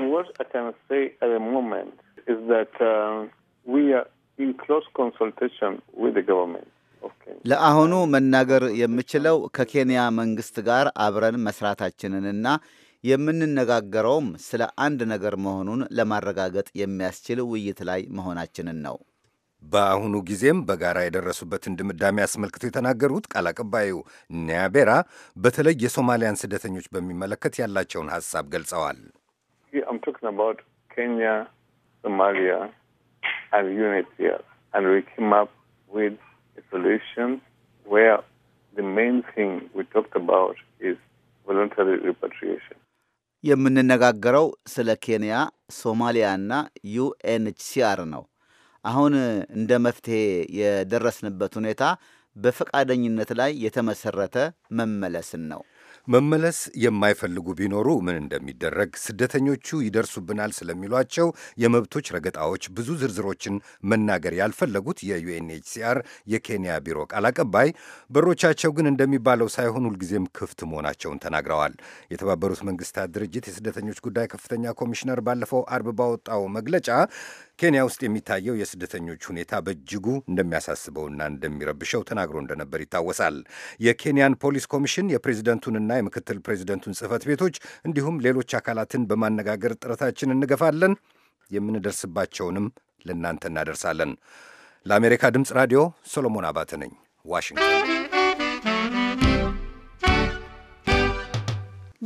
um, ለአሁኑ መናገር የምችለው ከኬንያ መንግስት ጋር አብረን መስራታችንንና የምንነጋገረውም ስለ አንድ ነገር መሆኑን ለማረጋገጥ የሚያስችል ውይይት ላይ መሆናችንን ነው። በአሁኑ ጊዜም በጋራ የደረሱበትን ድምዳሜ አስመልክቶ የተናገሩት ቃል አቀባዩ ኒያቤራ በተለይ የሶማሊያን ስደተኞች በሚመለከት ያላቸውን ሀሳብ ገልጸዋል። ኬንያ ሶማሊያ የምንነጋገረው ስለ ኬንያ፣ ሶማሊያና ዩኤንኤችሲአር ነው። አሁን እንደ መፍትሄ የደረስንበት ሁኔታ በፈቃደኝነት ላይ የተመሰረተ መመለስን ነው። መመለስ የማይፈልጉ ቢኖሩ ምን እንደሚደረግ፣ ስደተኞቹ ይደርሱብናል ስለሚሏቸው የመብቶች ረገጣዎች ብዙ ዝርዝሮችን መናገር ያልፈለጉት የዩኤንኤችሲአር የኬንያ ቢሮ ቃል አቀባይ በሮቻቸው ግን እንደሚባለው ሳይሆን ሁልጊዜም ክፍት መሆናቸውን ተናግረዋል። የተባበሩት መንግስታት ድርጅት የስደተኞች ጉዳይ ከፍተኛ ኮሚሽነር ባለፈው አርብ ባወጣው መግለጫ ኬንያ ውስጥ የሚታየው የስደተኞች ሁኔታ በእጅጉ እንደሚያሳስበውና እንደሚረብሸው ተናግሮ እንደነበር ይታወሳል። የኬንያን ፖሊስ ኮሚሽን የፕሬዚደንቱንና የምክትል ፕሬዚደንቱን ጽህፈት ቤቶች እንዲሁም ሌሎች አካላትን በማነጋገር ጥረታችን እንገፋለን። የምንደርስባቸውንም ለእናንተ እናደርሳለን። ለአሜሪካ ድምፅ ራዲዮ ሶሎሞን አባተ ነኝ ዋሽንግተን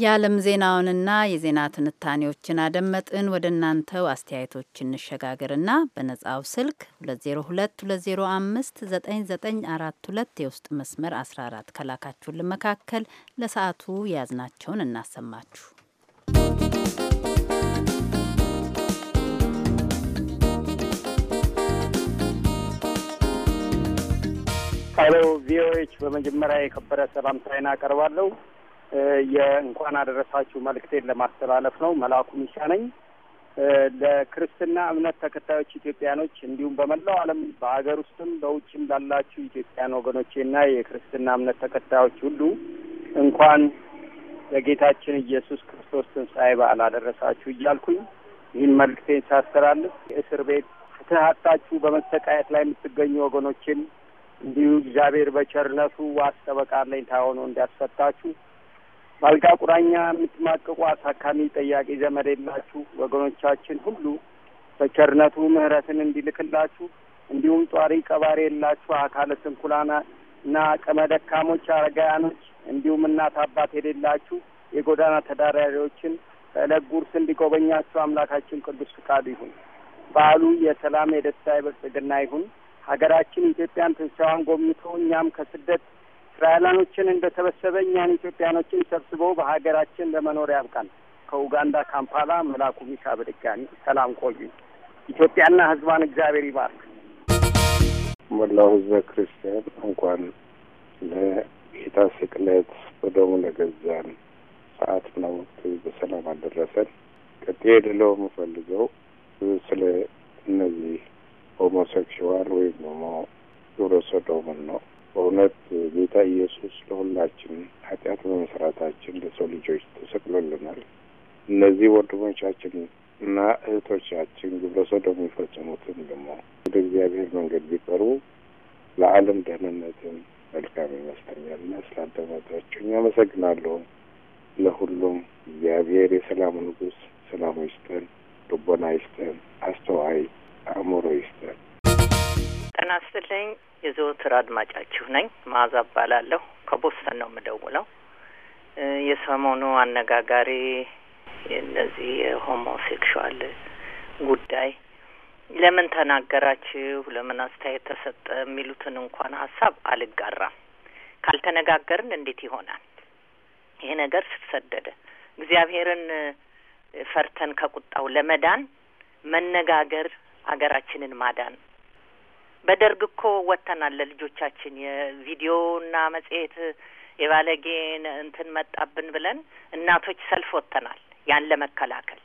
የዓለም ዜናውንና የዜና ትንታኔዎችን አደመጥን። ወደ እናንተው አስተያየቶች እንሸጋገርና በነጻው ስልክ 2022059942 የውስጥ መስመር 14 ከላካችሁልን መካከል ለሰዓቱ የያዝናቸውን እናሰማችሁ። ሄሎ ቪኦኤዎች፣ በመጀመሪያ የከበረ ሰላምታዬን አቀርባለሁ። የእንኳን አደረሳችሁ መልእክቴን ለማስተላለፍ ነው። መልአኩ ሚሻ ነኝ። ለክርስትና እምነት ተከታዮች ኢትዮጵያኖች እንዲሁም በመላው ዓለም በሀገር ውስጥም በውጭም ላላችሁ ኢትዮጵያን ወገኖቼና የክርስትና እምነት ተከታዮች ሁሉ እንኳን ለጌታችን ኢየሱስ ክርስቶስ ትንሣኤ በዓል አደረሳችሁ እያልኩኝ ይህን መልእክቴን ሳስተላልፍ የእስር ቤት ፍትሕ አጣችሁ በመሰቃየት ላይ የምትገኙ ወገኖችን እንዲሁ እግዚአብሔር በቸርነቱ ዋስ ጠበቃ አለኝ እንዲያስፈታችሁ በአልጋ ቁራኛ የምትማቅቁ አሳካሚ ጠያቂ ዘመድ የላችሁ ወገኖቻችን ሁሉ በቸርነቱ ምህረትን እንዲልክላችሁ እንዲሁም ጧሪ ቀባሪ የላችሁ አካለ ስንኩላና እና አቅመ ደካሞች አረጋያኖች እንዲሁም እናት አባት የሌላችሁ የጎዳና ተዳዳሪዎችን በዕለት ጉርስ እንዲጎበኛችሁ አምላካችን ቅዱስ ፍቃዱ ይሁን። በዓሉ የሰላም የደስታ የብልጽግና ይሁን። ሀገራችን ኢትዮጵያን ትንሣኤዋን ጎብኝቶ እኛም ከስደት እስራኤላኖችን እንደ ሰበሰበ እኛን ኢትዮጵያኖችን ሰብስቦ በሀገራችን ለመኖር ያብቃል። ከኡጋንዳ ካምፓላ መላኩ ሚካ በድጋሚ ሰላም ቆዩ። ኢትዮጵያና ህዝቧን እግዚአብሔር ይባርክ። መላው ሕዝበ ክርስቲያን እንኳን ለጌታ ስቅለት በደሙ ለገዛን ሰዓት ነው በሰላም አልደረሰን። ቀጤ ድሎ የምፈልገው ስለ እነዚህ ሆሞሴክሽዋል ወይም ደግሞ ግብረ ሰዶምን ነው በእውነት ጌታ ኢየሱስ ለሁላችን ኃጢአት በመስራታችን ለሰው ልጆች ተሰቅሎልናል። እነዚህ ወንድሞቻችን እና እህቶቻችን ግብረ ሰዶም የሚፈጽሙትን ደግሞ ወደ እግዚአብሔር መንገድ ቢቀርቡ ለዓለም ደህንነትን መልካም ይመስለኛል እና ስላዳመጣችሁኝ አመሰግናለሁ። ለሁሉም እግዚአብሔር የሰላሙ ንጉሥ ሰላሙ ይስጠን፣ ልቦና ይስጠን፣ አስተዋይ አእምሮ ይስጠን። ጤና ይስጥልኝ። የዘወትር አድማጫችሁ ነኝ። መዓዛ እባላለሁ። ከቦስተን ነው የምደውለው። የሰሞኑ አነጋጋሪ እነዚህ የሆሞሴክሹዋል ጉዳይ ለምን ተናገራችሁ፣ ለምን አስተያየት ተሰጠ የሚሉትን እንኳን ሀሳብ አልጋራም። ካልተነጋገርን እንዴት ይሆናል? ይሄ ነገር ስር ሰደደ። እግዚአብሔርን ፈርተን ከቁጣው ለመዳን መነጋገር አገራችንን ማዳን በደርግ እኮ ወጥተናል ለልጆቻችን የቪዲዮና መጽሄት የባለጌን እንትን መጣብን ብለን እናቶች ሰልፍ ወጥተናል። ያን ለመከላከል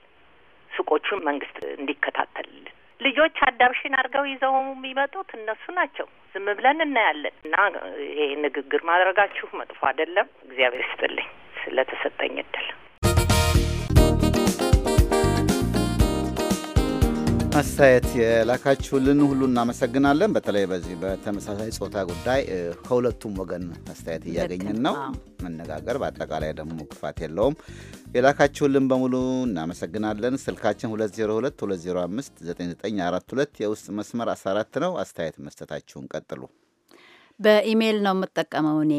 ሱቆቹን መንግስት እንዲከታተልልን ልጆች አዳፕሽን አድርገው ይዘው የሚመጡት እነሱ ናቸው። ዝም ብለን እናያለን። እና ይሄ ንግግር ማድረጋችሁ መጥፎ አይደለም። እግዚአብሔር ይስጥልኝ ስለተሰጠኝ እድል። አስተያየት የላካችሁልን ሁሉ እናመሰግናለን። በተለይ በዚህ በተመሳሳይ ጾታ ጉዳይ ከሁለቱም ወገን አስተያየት እያገኘን ነው። መነጋገር በአጠቃላይ ደግሞ ክፋት የለውም። የላካችሁልን በሙሉ እናመሰግናለን። ስልካችን 2022059942 የውስጥ መስመር 14 ነው። አስተያየት መስጠታችሁን ቀጥሉ። በኢሜይል ነው የምጠቀመው እኔ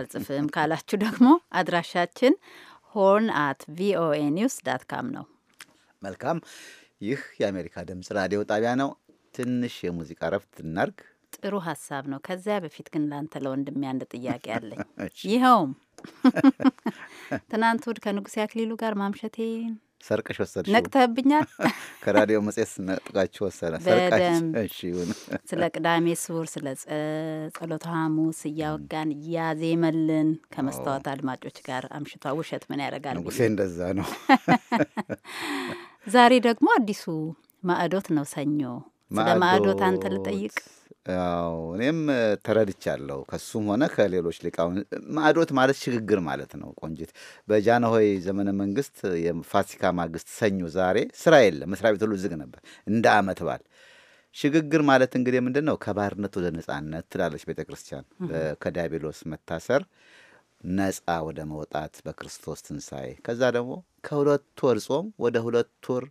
አልጽፍም ካላችሁ ደግሞ አድራሻችን ሆርን አት ቪኦኤ ኒውስ ዳት ካም ነው። መልካም ይህ የአሜሪካ ድምፅ ራዲዮ ጣቢያ ነው። ትንሽ የሙዚቃ ረፍት እናርግ። ጥሩ ሀሳብ ነው። ከዚያ በፊት ግን ለአንተ ለወንድሜ አንድ ጥያቄ አለኝ። ይኸውም ትናንት እሑድ ከንጉሴ አክሊሉ ጋር ማምሸቴን ሰርቀሽ ወሰድ ነቅተብኛል። ከራዲዮ መጽሔት ነጥቃችሁ ወሰነ ሰርቃሽ። ስለ ቅዳሜ ስዑር፣ ስለ ጸሎተ ሐሙስ እያወጋን እያዜመልን ከመስታወት አድማጮች ጋር አምሽቷ ውሸት ምን ያደርጋል። ንጉሴ እንደዛ ነው። ዛሬ ደግሞ አዲሱ ማዕዶት ነው። ሰኞ ስለ ማዕዶት አንተ ልጠይቅ። ያው እኔም ተረድቻለሁ። ከሱም ሆነ ከሌሎች ሊቃውን ማዕዶት ማለት ሽግግር ማለት ነው። ቆንጂት በጃንሆይ ዘመነ መንግስት የፋሲካ ማግስት ሰኞ ዛሬ ስራ የለ መስሪያ ቤት ሁሉ ዝግ ነበር እንደ አመት በዓል። ሽግግር ማለት እንግዲህ ምንድን ነው? ከባርነት ወደ ነጻነት ትላለች ቤተ ክርስቲያን ከዲያብሎስ መታሰር ነፃ ወደ መውጣት በክርስቶስ ትንሣኤ ከዛ ደግሞ ከሁለት ወር ጾም ወደ ሁለት ወር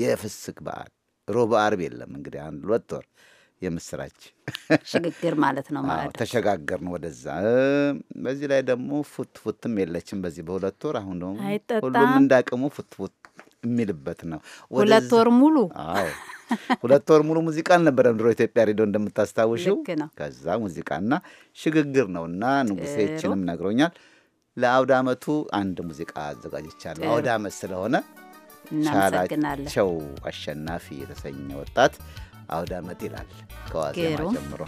የፍስክ በዓል ሮብ አርብ የለም እንግዲህ አንድ ሁለት ወር የምስራች ሽግግር ማለት ነው። ማለት ተሸጋገርን ወደዛ። በዚህ ላይ ደግሞ ፉትፉትም የለችም በዚህ በሁለት ወር አሁን ደግሞ ሁሉም እንዳቅሙ ፉትፉት የሚልበት ነው። ሁለት ወር ሙሉ አዎ፣ ሁለት ወር ሙሉ ሙዚቃ አልነበረም ድሮ ኢትዮጵያ ሬዲዮ እንደምታስታውሽው። ከዛ ሙዚቃና ሽግግር ነው እና ንጉሴችንም ነግሮኛል። ለአውደ አመቱ አንድ ሙዚቃ አዘጋጅቻለሁ። አውደ አመት ስለሆነ ቻላቸው አሸናፊ የተሰኘ ወጣት አውደ አመት ይላል ከዋዜማ ጀምሮ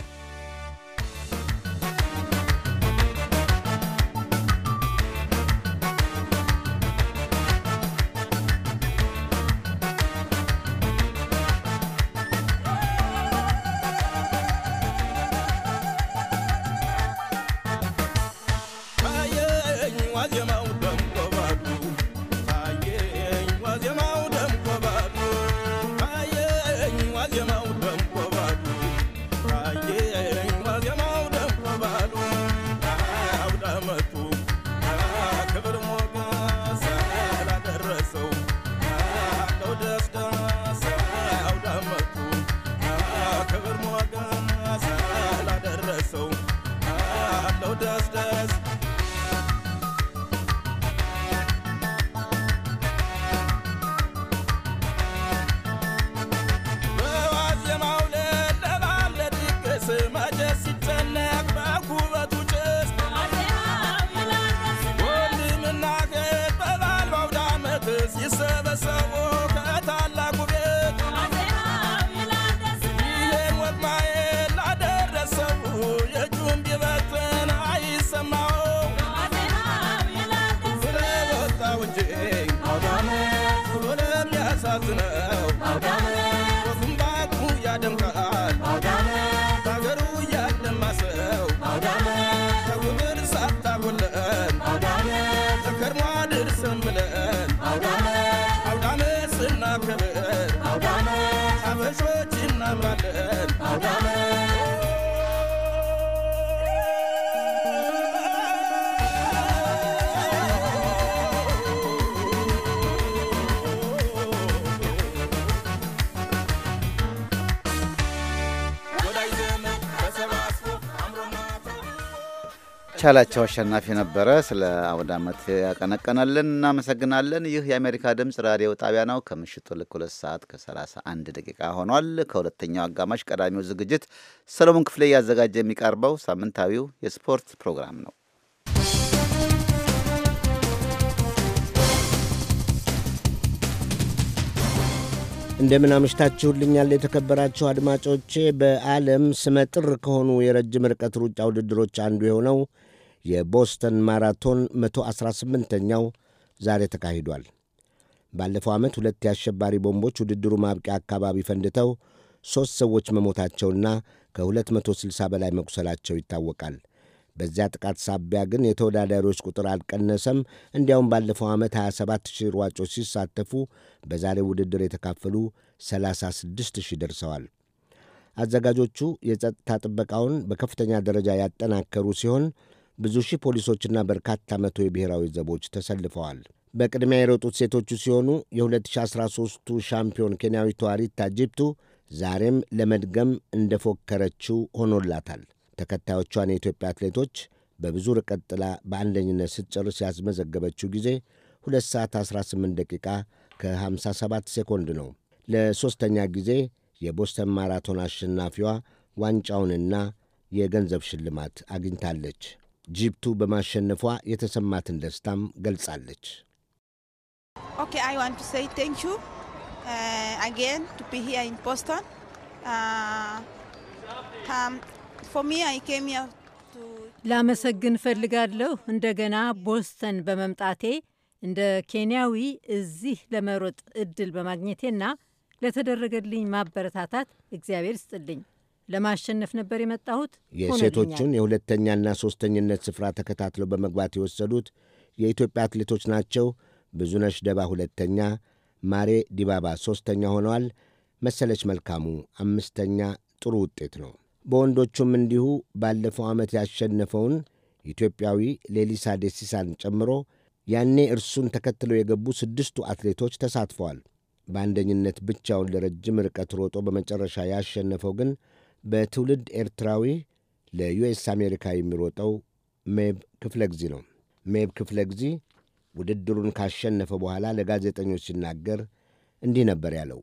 አውዳመ አውዳመ ስናከብር አውዳመ አበሾች እናምራለን ቻላቸው አሸናፊ ነበረ ስለ አውደ ዓመት ያቀነቀነልን። እናመሰግናለን። ይህ የአሜሪካ ድምፅ ራዲዮ ጣቢያ ነው። ከምሽቱ ልክ ሁለት ሰዓት ከ31 ደቂቃ ሆኗል። ከሁለተኛው አጋማሽ ቀዳሚው ዝግጅት ሰለሞን ክፍሌ እያዘጋጀ የሚቀርበው ሳምንታዊው የስፖርት ፕሮግራም ነው። እንደምን አምሽታችሁልኛል የተከበራችሁ አድማጮቼ። በዓለም ስመጥር ከሆኑ የረጅም ርቀት ሩጫ ውድድሮች አንዱ የሆነው የቦስተን ማራቶን 118ኛው ዛሬ ተካሂዷል። ባለፈው ዓመት ሁለት የአሸባሪ ቦምቦች ውድድሩ ማብቂያ አካባቢ ፈንድተው ሦስት ሰዎች መሞታቸውና ከ260 በላይ መቁሰላቸው ይታወቃል። በዚያ ጥቃት ሳቢያ ግን የተወዳዳሪዎች ቁጥር አልቀነሰም። እንዲያውም ባለፈው ዓመት 27 ሺህ ሯጮች ሲሳተፉ በዛሬው ውድድር የተካፈሉ 36 ሺህ ደርሰዋል። አዘጋጆቹ የጸጥታ ጥበቃውን በከፍተኛ ደረጃ ያጠናከሩ ሲሆን ብዙ ሺህ ፖሊሶችና በርካታ መቶ የብሔራዊ ዘቦች ተሰልፈዋል። በቅድሚያ የሮጡት ሴቶቹ ሲሆኑ የ2013ቱ ሻምፒዮን ኬንያዊቷ ሪታ ጂፕቱ ዛሬም ለመድገም እንደፎከረችው ሆኖላታል። ተከታዮቿን የኢትዮጵያ አትሌቶች በብዙ ርቀት ጥላ በአንደኝነት ስትጨርስ ያስመዘገበችው ጊዜ 2 ሰዓት 18 ደቂቃ ከ57 ሴኮንድ ነው። ለሦስተኛ ጊዜ የቦስተን ማራቶን አሸናፊዋ ዋንጫውንና የገንዘብ ሽልማት አግኝታለች። ጂፕቱ በማሸነፏ የተሰማትን ደስታም ገልጻለች። uh, uh, um, ላመሰግን እፈልጋለሁ። እንደገና ቦስተን በመምጣቴ እንደ ኬንያዊ እዚህ ለመሮጥ እድል በማግኘቴና ለተደረገልኝ ማበረታታት እግዚአብሔር ይስጥልኝ። ለማሸነፍ ነበር የመጣሁት። የሴቶቹን የሁለተኛና ሦስተኝነት ስፍራ ተከታትለው በመግባት የወሰዱት የኢትዮጵያ አትሌቶች ናቸው። ብዙነሽ ደባ ሁለተኛ፣ ማሬ ዲባባ ሦስተኛ ሆነዋል። መሰለች መልካሙ አምስተኛ። ጥሩ ውጤት ነው። በወንዶቹም እንዲሁ ባለፈው ዓመት ያሸነፈውን ኢትዮጵያዊ ሌሊሳ ደሲሳን ጨምሮ ያኔ እርሱን ተከትለው የገቡ ስድስቱ አትሌቶች ተሳትፈዋል። በአንደኝነት ብቻውን ለረጅም ርቀት ሮጦ በመጨረሻ ያሸነፈው ግን በትውልድ ኤርትራዊ ለዩኤስ አሜሪካ የሚሮጠው ሜብ ክፍለ ጊዜ ነው። ሜብ ክፍለ ጊዜ ውድድሩን ካሸነፈ በኋላ ለጋዜጠኞች ሲናገር እንዲህ ነበር ያለው።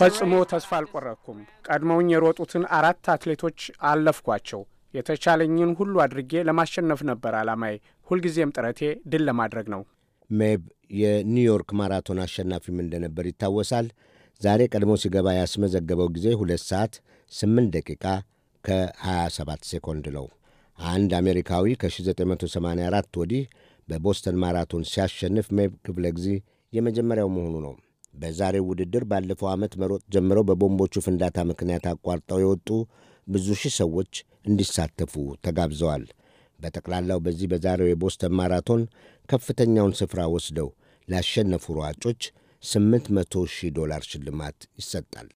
ፈጽሞ ተስፋ አልቆረኩም። ቀድመውኝ የሮጡትን አራት አትሌቶች አለፍኳቸው። የተቻለኝን ሁሉ አድርጌ ለማሸነፍ ነበር ዓላማዬ። ሁልጊዜም ጥረቴ ድል ለማድረግ ነው። ሜብ የኒውዮርክ ማራቶን አሸናፊም እንደነበር ይታወሳል። ዛሬ ቀድሞ ሲገባ ያስመዘገበው ጊዜ 2 ሰዓት 8 ደቂቃ ከ27 ሴኮንድ ነው። አንድ አሜሪካዊ ከ1984 ወዲህ በቦስተን ማራቶን ሲያሸንፍ ሜብ ክፍለ ጊዜ የመጀመሪያው መሆኑ ነው። በዛሬው ውድድር ባለፈው ዓመት መሮጥ ጀምረው በቦምቦቹ ፍንዳታ ምክንያት አቋርጠው የወጡ ብዙ ሺህ ሰዎች እንዲሳተፉ ተጋብዘዋል። በጠቅላላው በዚህ በዛሬው የቦስተን ማራቶን ከፍተኛውን ስፍራ ወስደው ላሸነፉ ሯጮች 800 ሺህ ዶላር ሽልማት ይሰጣል።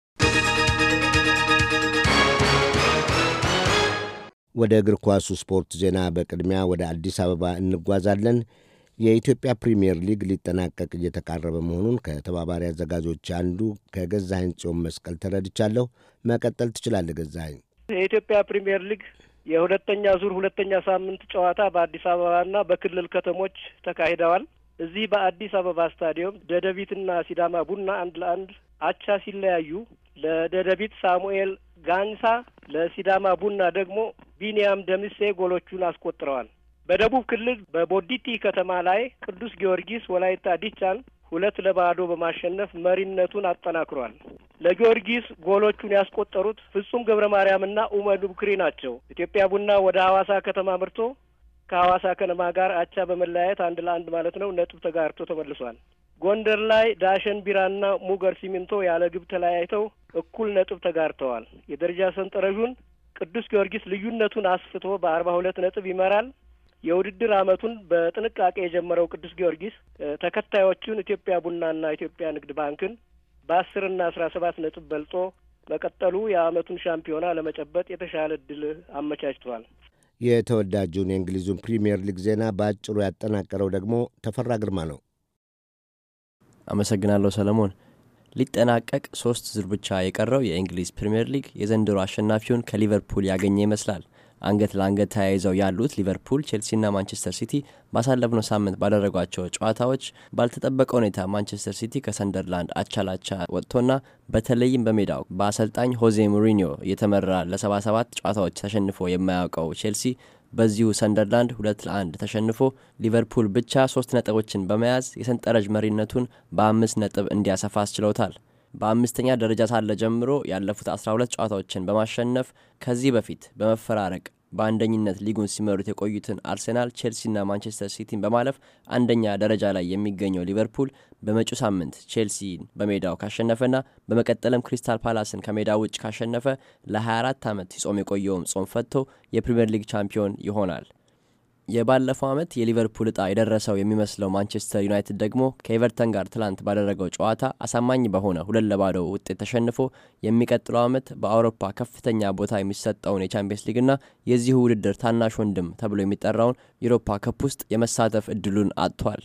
ወደ እግር ኳሱ ስፖርት ዜና በቅድሚያ ወደ አዲስ አበባ እንጓዛለን። የኢትዮጵያ ፕሪምየር ሊግ ሊጠናቀቅ እየተቃረበ መሆኑን ከተባባሪ አዘጋጆች አንዱ ከገዛኸኝ ጽዮን መስቀል ተረድቻለሁ። መቀጠል ትችላለህ ገዛኸኝ። የኢትዮጵያ ፕሪምየር ሊግ የሁለተኛ ዙር ሁለተኛ ሳምንት ጨዋታ በአዲስ አበባና በክልል ከተሞች ተካሂደዋል። እዚህ በአዲስ አበባ ስታዲየም ደደቢትና ሲዳማ ቡና አንድ ለአንድ አቻ ሲለያዩ ለደደቢት ሳሙኤል ጋንሳ ለሲዳማ ቡና ደግሞ ቢንያም ደምሴ ጎሎቹን አስቆጥረዋል። በደቡብ ክልል በቦዲቲ ከተማ ላይ ቅዱስ ጊዮርጊስ ወላይታ ዲቻን ሁለት ለባዶ በማሸነፍ መሪነቱን አጠናክሯል። ለጊዮርጊስ ጎሎቹን ያስቆጠሩት ፍጹም ገብረ ማርያምና ኡመዱ ብክሪ ናቸው። ኢትዮጵያ ቡና ወደ ሐዋሳ ከተማ ምርቶ ከሐዋሳ ከነማ ጋር አቻ በመለያየት አንድ ለአንድ ማለት ነው ነጥብ ተጋርቶ ተመልሷል። ጎንደር ላይ ዳሸን ቢራና ሙገር ሲሚንቶ ያለ ግብ ተለያይተው እኩል ነጥብ ተጋርተዋል። የደረጃ ሰንጠረዡን ቅዱስ ጊዮርጊስ ልዩነቱን አስፍቶ በአርባ ሁለት ነጥብ ይመራል። የውድድር አመቱን በጥንቃቄ የጀመረው ቅዱስ ጊዮርጊስ ተከታዮቹን ኢትዮጵያ ቡናና ኢትዮጵያ ንግድ ባንክን በአስርና አስራ ሰባት ነጥብ በልጦ መቀጠሉ የአመቱን ሻምፒዮና ለመጨበጥ የተሻለ እድል አመቻችቷል። የተወዳጁን የእንግሊዙን ፕሪምየር ሊግ ዜና በአጭሩ ያጠናቀረው ደግሞ ተፈራ ግርማ ነው። አመሰግናለሁ ሰለሞን። ሊጠናቀቅ ሶስት ዙር ብቻ የቀረው የእንግሊዝ ፕሪምየር ሊግ የዘንድሮ አሸናፊውን ከሊቨርፑል ያገኘ ይመስላል። አንገት ለአንገት ተያይዘው ያሉት ሊቨርፑል፣ ቼልሲና ማንቸስተር ሲቲ ባሳለፍነው ሳምንት ባደረጓቸው ጨዋታዎች ባልተጠበቀ ሁኔታ ማንቸስተር ሲቲ ከሰንደርላንድ አቻላቻ ወጥቶና በተለይም በሜዳው በአሰልጣኝ ሆዜ ሙሪኒዮ የተመራ ለ77 ጨዋታዎች ተሸንፎ የማያውቀው ቼልሲ በዚሁ ሰንደርላንድ ሁለት ለአንድ ተሸንፎ ሊቨርፑል ብቻ ሶስት ነጥቦችን በመያዝ የሰንጠረዥ መሪነቱን በአምስት ነጥብ እንዲያሰፋ አስችለውታል። በአምስተኛ ደረጃ ሳለ ጀምሮ ያለፉት 12 ጨዋታዎችን በማሸነፍ ከዚህ በፊት በመፈራረቅ በአንደኝነት ሊጉን ሲመሩት የቆዩትን አርሴናል፣ ቼልሲና ማንቸስተር ሲቲን በማለፍ አንደኛ ደረጃ ላይ የሚገኘው ሊቨርፑል በመጪው ሳምንት ቼልሲን በሜዳው ካሸነፈና በመቀጠልም ክሪስታል ፓላስን ከሜዳ ውጭ ካሸነፈ ለ24 ዓመት ሲጾም የቆየውም ጾም ፈትቶ የፕሪምየር ሊግ ቻምፒዮን ይሆናል። የባለፈው ዓመት የሊቨርፑል እጣ የደረሰው የሚመስለው ማንቸስተር ዩናይትድ ደግሞ ከኤቨርተን ጋር ትላንት ባደረገው ጨዋታ አሳማኝ በሆነ ሁለት ለባዶ ውጤት ተሸንፎ የሚቀጥለው ዓመት በአውሮፓ ከፍተኛ ቦታ የሚሰጠውን የቻምፒየንስ ሊግና የዚሁ ውድድር ታናሽ ወንድም ተብሎ የሚጠራውን ዩሮፓ ከፕ ውስጥ የመሳተፍ እድሉን አጥቷል።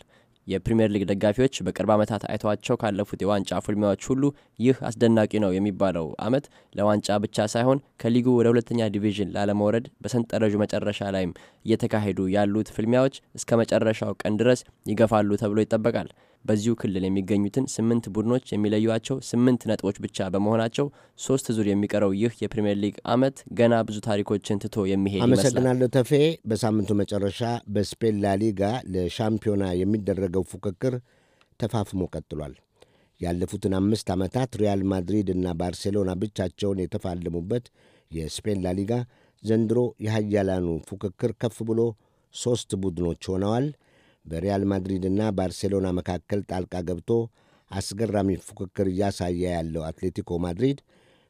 የፕሪምየር ሊግ ደጋፊዎች በቅርብ ዓመታት አይተዋቸው ካለፉት የዋንጫ ፍልሚያዎች ሁሉ ይህ አስደናቂ ነው የሚባለው ዓመት ለዋንጫ ብቻ ሳይሆን ከሊጉ ወደ ሁለተኛ ዲቪዥን ላለመውረድ በሰንጠረዡ መጨረሻ ላይም እየተካሄዱ ያሉት ፍልሚያዎች እስከ መጨረሻው ቀን ድረስ ይገፋሉ ተብሎ ይጠበቃል። በዚሁ ክልል የሚገኙትን ስምንት ቡድኖች የሚለዩዋቸው ስምንት ነጥቦች ብቻ በመሆናቸው ሶስት ዙር የሚቀረው ይህ የፕሪምየር ሊግ ዓመት ገና ብዙ ታሪኮችን ትቶ የሚሄድ ይመስላል። አመሰግናለሁ ተፌ። በሳምንቱ መጨረሻ በስፔን ላሊጋ ለሻምፒዮና የሚደረገው ፉክክር ተፋፍሞ ቀጥሏል። ያለፉትን አምስት ዓመታት ሪያል ማድሪድ እና ባርሴሎና ብቻቸውን የተፋለሙበት የስፔን ላሊጋ ዘንድሮ የሀያላኑ ፉክክር ከፍ ብሎ ሦስት ቡድኖች ሆነዋል። በሪያል ማድሪድና ባርሴሎና መካከል ጣልቃ ገብቶ አስገራሚ ፉክክር እያሳየ ያለው አትሌቲኮ ማድሪድ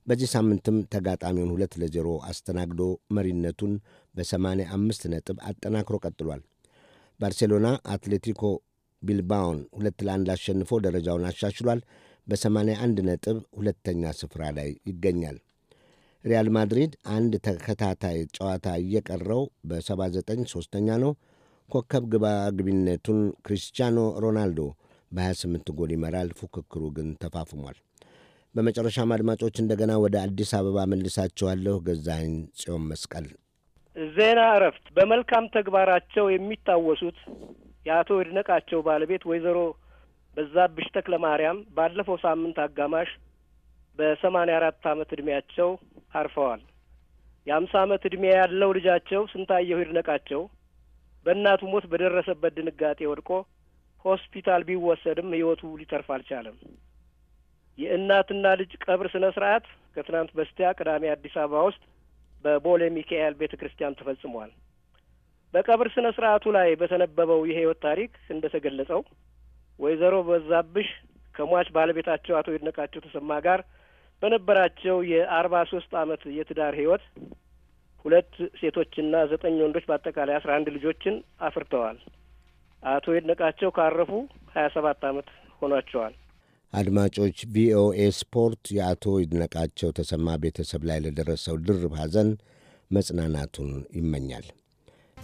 በዚህ ሳምንትም ተጋጣሚውን ሁለት ለዜሮ አስተናግዶ መሪነቱን በ85 ነጥብ አጠናክሮ ቀጥሏል። ባርሴሎና አትሌቲኮ ቢልባውን ሁለት ለአንድ አሸንፎ ደረጃውን አሻሽሏል። በ81 ነጥብ ሁለተኛ ስፍራ ላይ ይገኛል። ሪያል ማድሪድ አንድ ተከታታይ ጨዋታ እየቀረው በ79 ሦስተኛ ነው። ኮከብ ግባ ግቢነቱን ክሪስቲያኖ ሮናልዶ በ28 ጎል ይመራል። ፉክክሩ ግን ተፋፍሟል። በመጨረሻም አድማጮች እንደገና ወደ አዲስ አበባ መልሳቸዋለሁ። ገዛኝ ጽዮን መስቀል። ዜና እረፍት። በመልካም ተግባራቸው የሚታወሱት የአቶ ይድነቃቸው ባለቤት ወይዘሮ በዛብሽ ተክለ ማርያም ባለፈው ሳምንት አጋማሽ በሰማኒያ አራት ዓመት እድሜያቸው አርፈዋል። የአምሳ ዓመት እድሜ ያለው ልጃቸው ስንታየሁ ይድነቃቸው በእናቱ ሞት በደረሰበት ድንጋጤ ወድቆ ሆስፒታል ቢወሰድም ሕይወቱ ሊተርፍ አልቻለም። የእናትና ልጅ ቀብር ስነ ስርዓት ከትናንት በስቲያ ቅዳሜ አዲስ አበባ ውስጥ በቦሌ ሚካኤል ቤተ ክርስቲያን ተፈጽሟል። በቀብር ስነ ስርዓቱ ላይ በተነበበው የሕይወት ታሪክ እንደ ተገለጸው ወይዘሮ በዛብሽ ከሟች ባለቤታቸው አቶ ይድነቃቸው ተሰማ ጋር በነበራቸው የአርባ ሶስት አመት የትዳር ሕይወት ሁለት ሴቶችና ዘጠኝ ወንዶች በአጠቃላይ አስራ አንድ ልጆችን አፍርተዋል። አቶ የድነቃቸው ካረፉ ሀያ ሰባት አመት ሆኗቸዋል። አድማጮች፣ ቪኦኤ ስፖርት የአቶ ይድነቃቸው ተሰማ ቤተሰብ ላይ ለደረሰው ድርብ ሐዘን መጽናናቱን ይመኛል።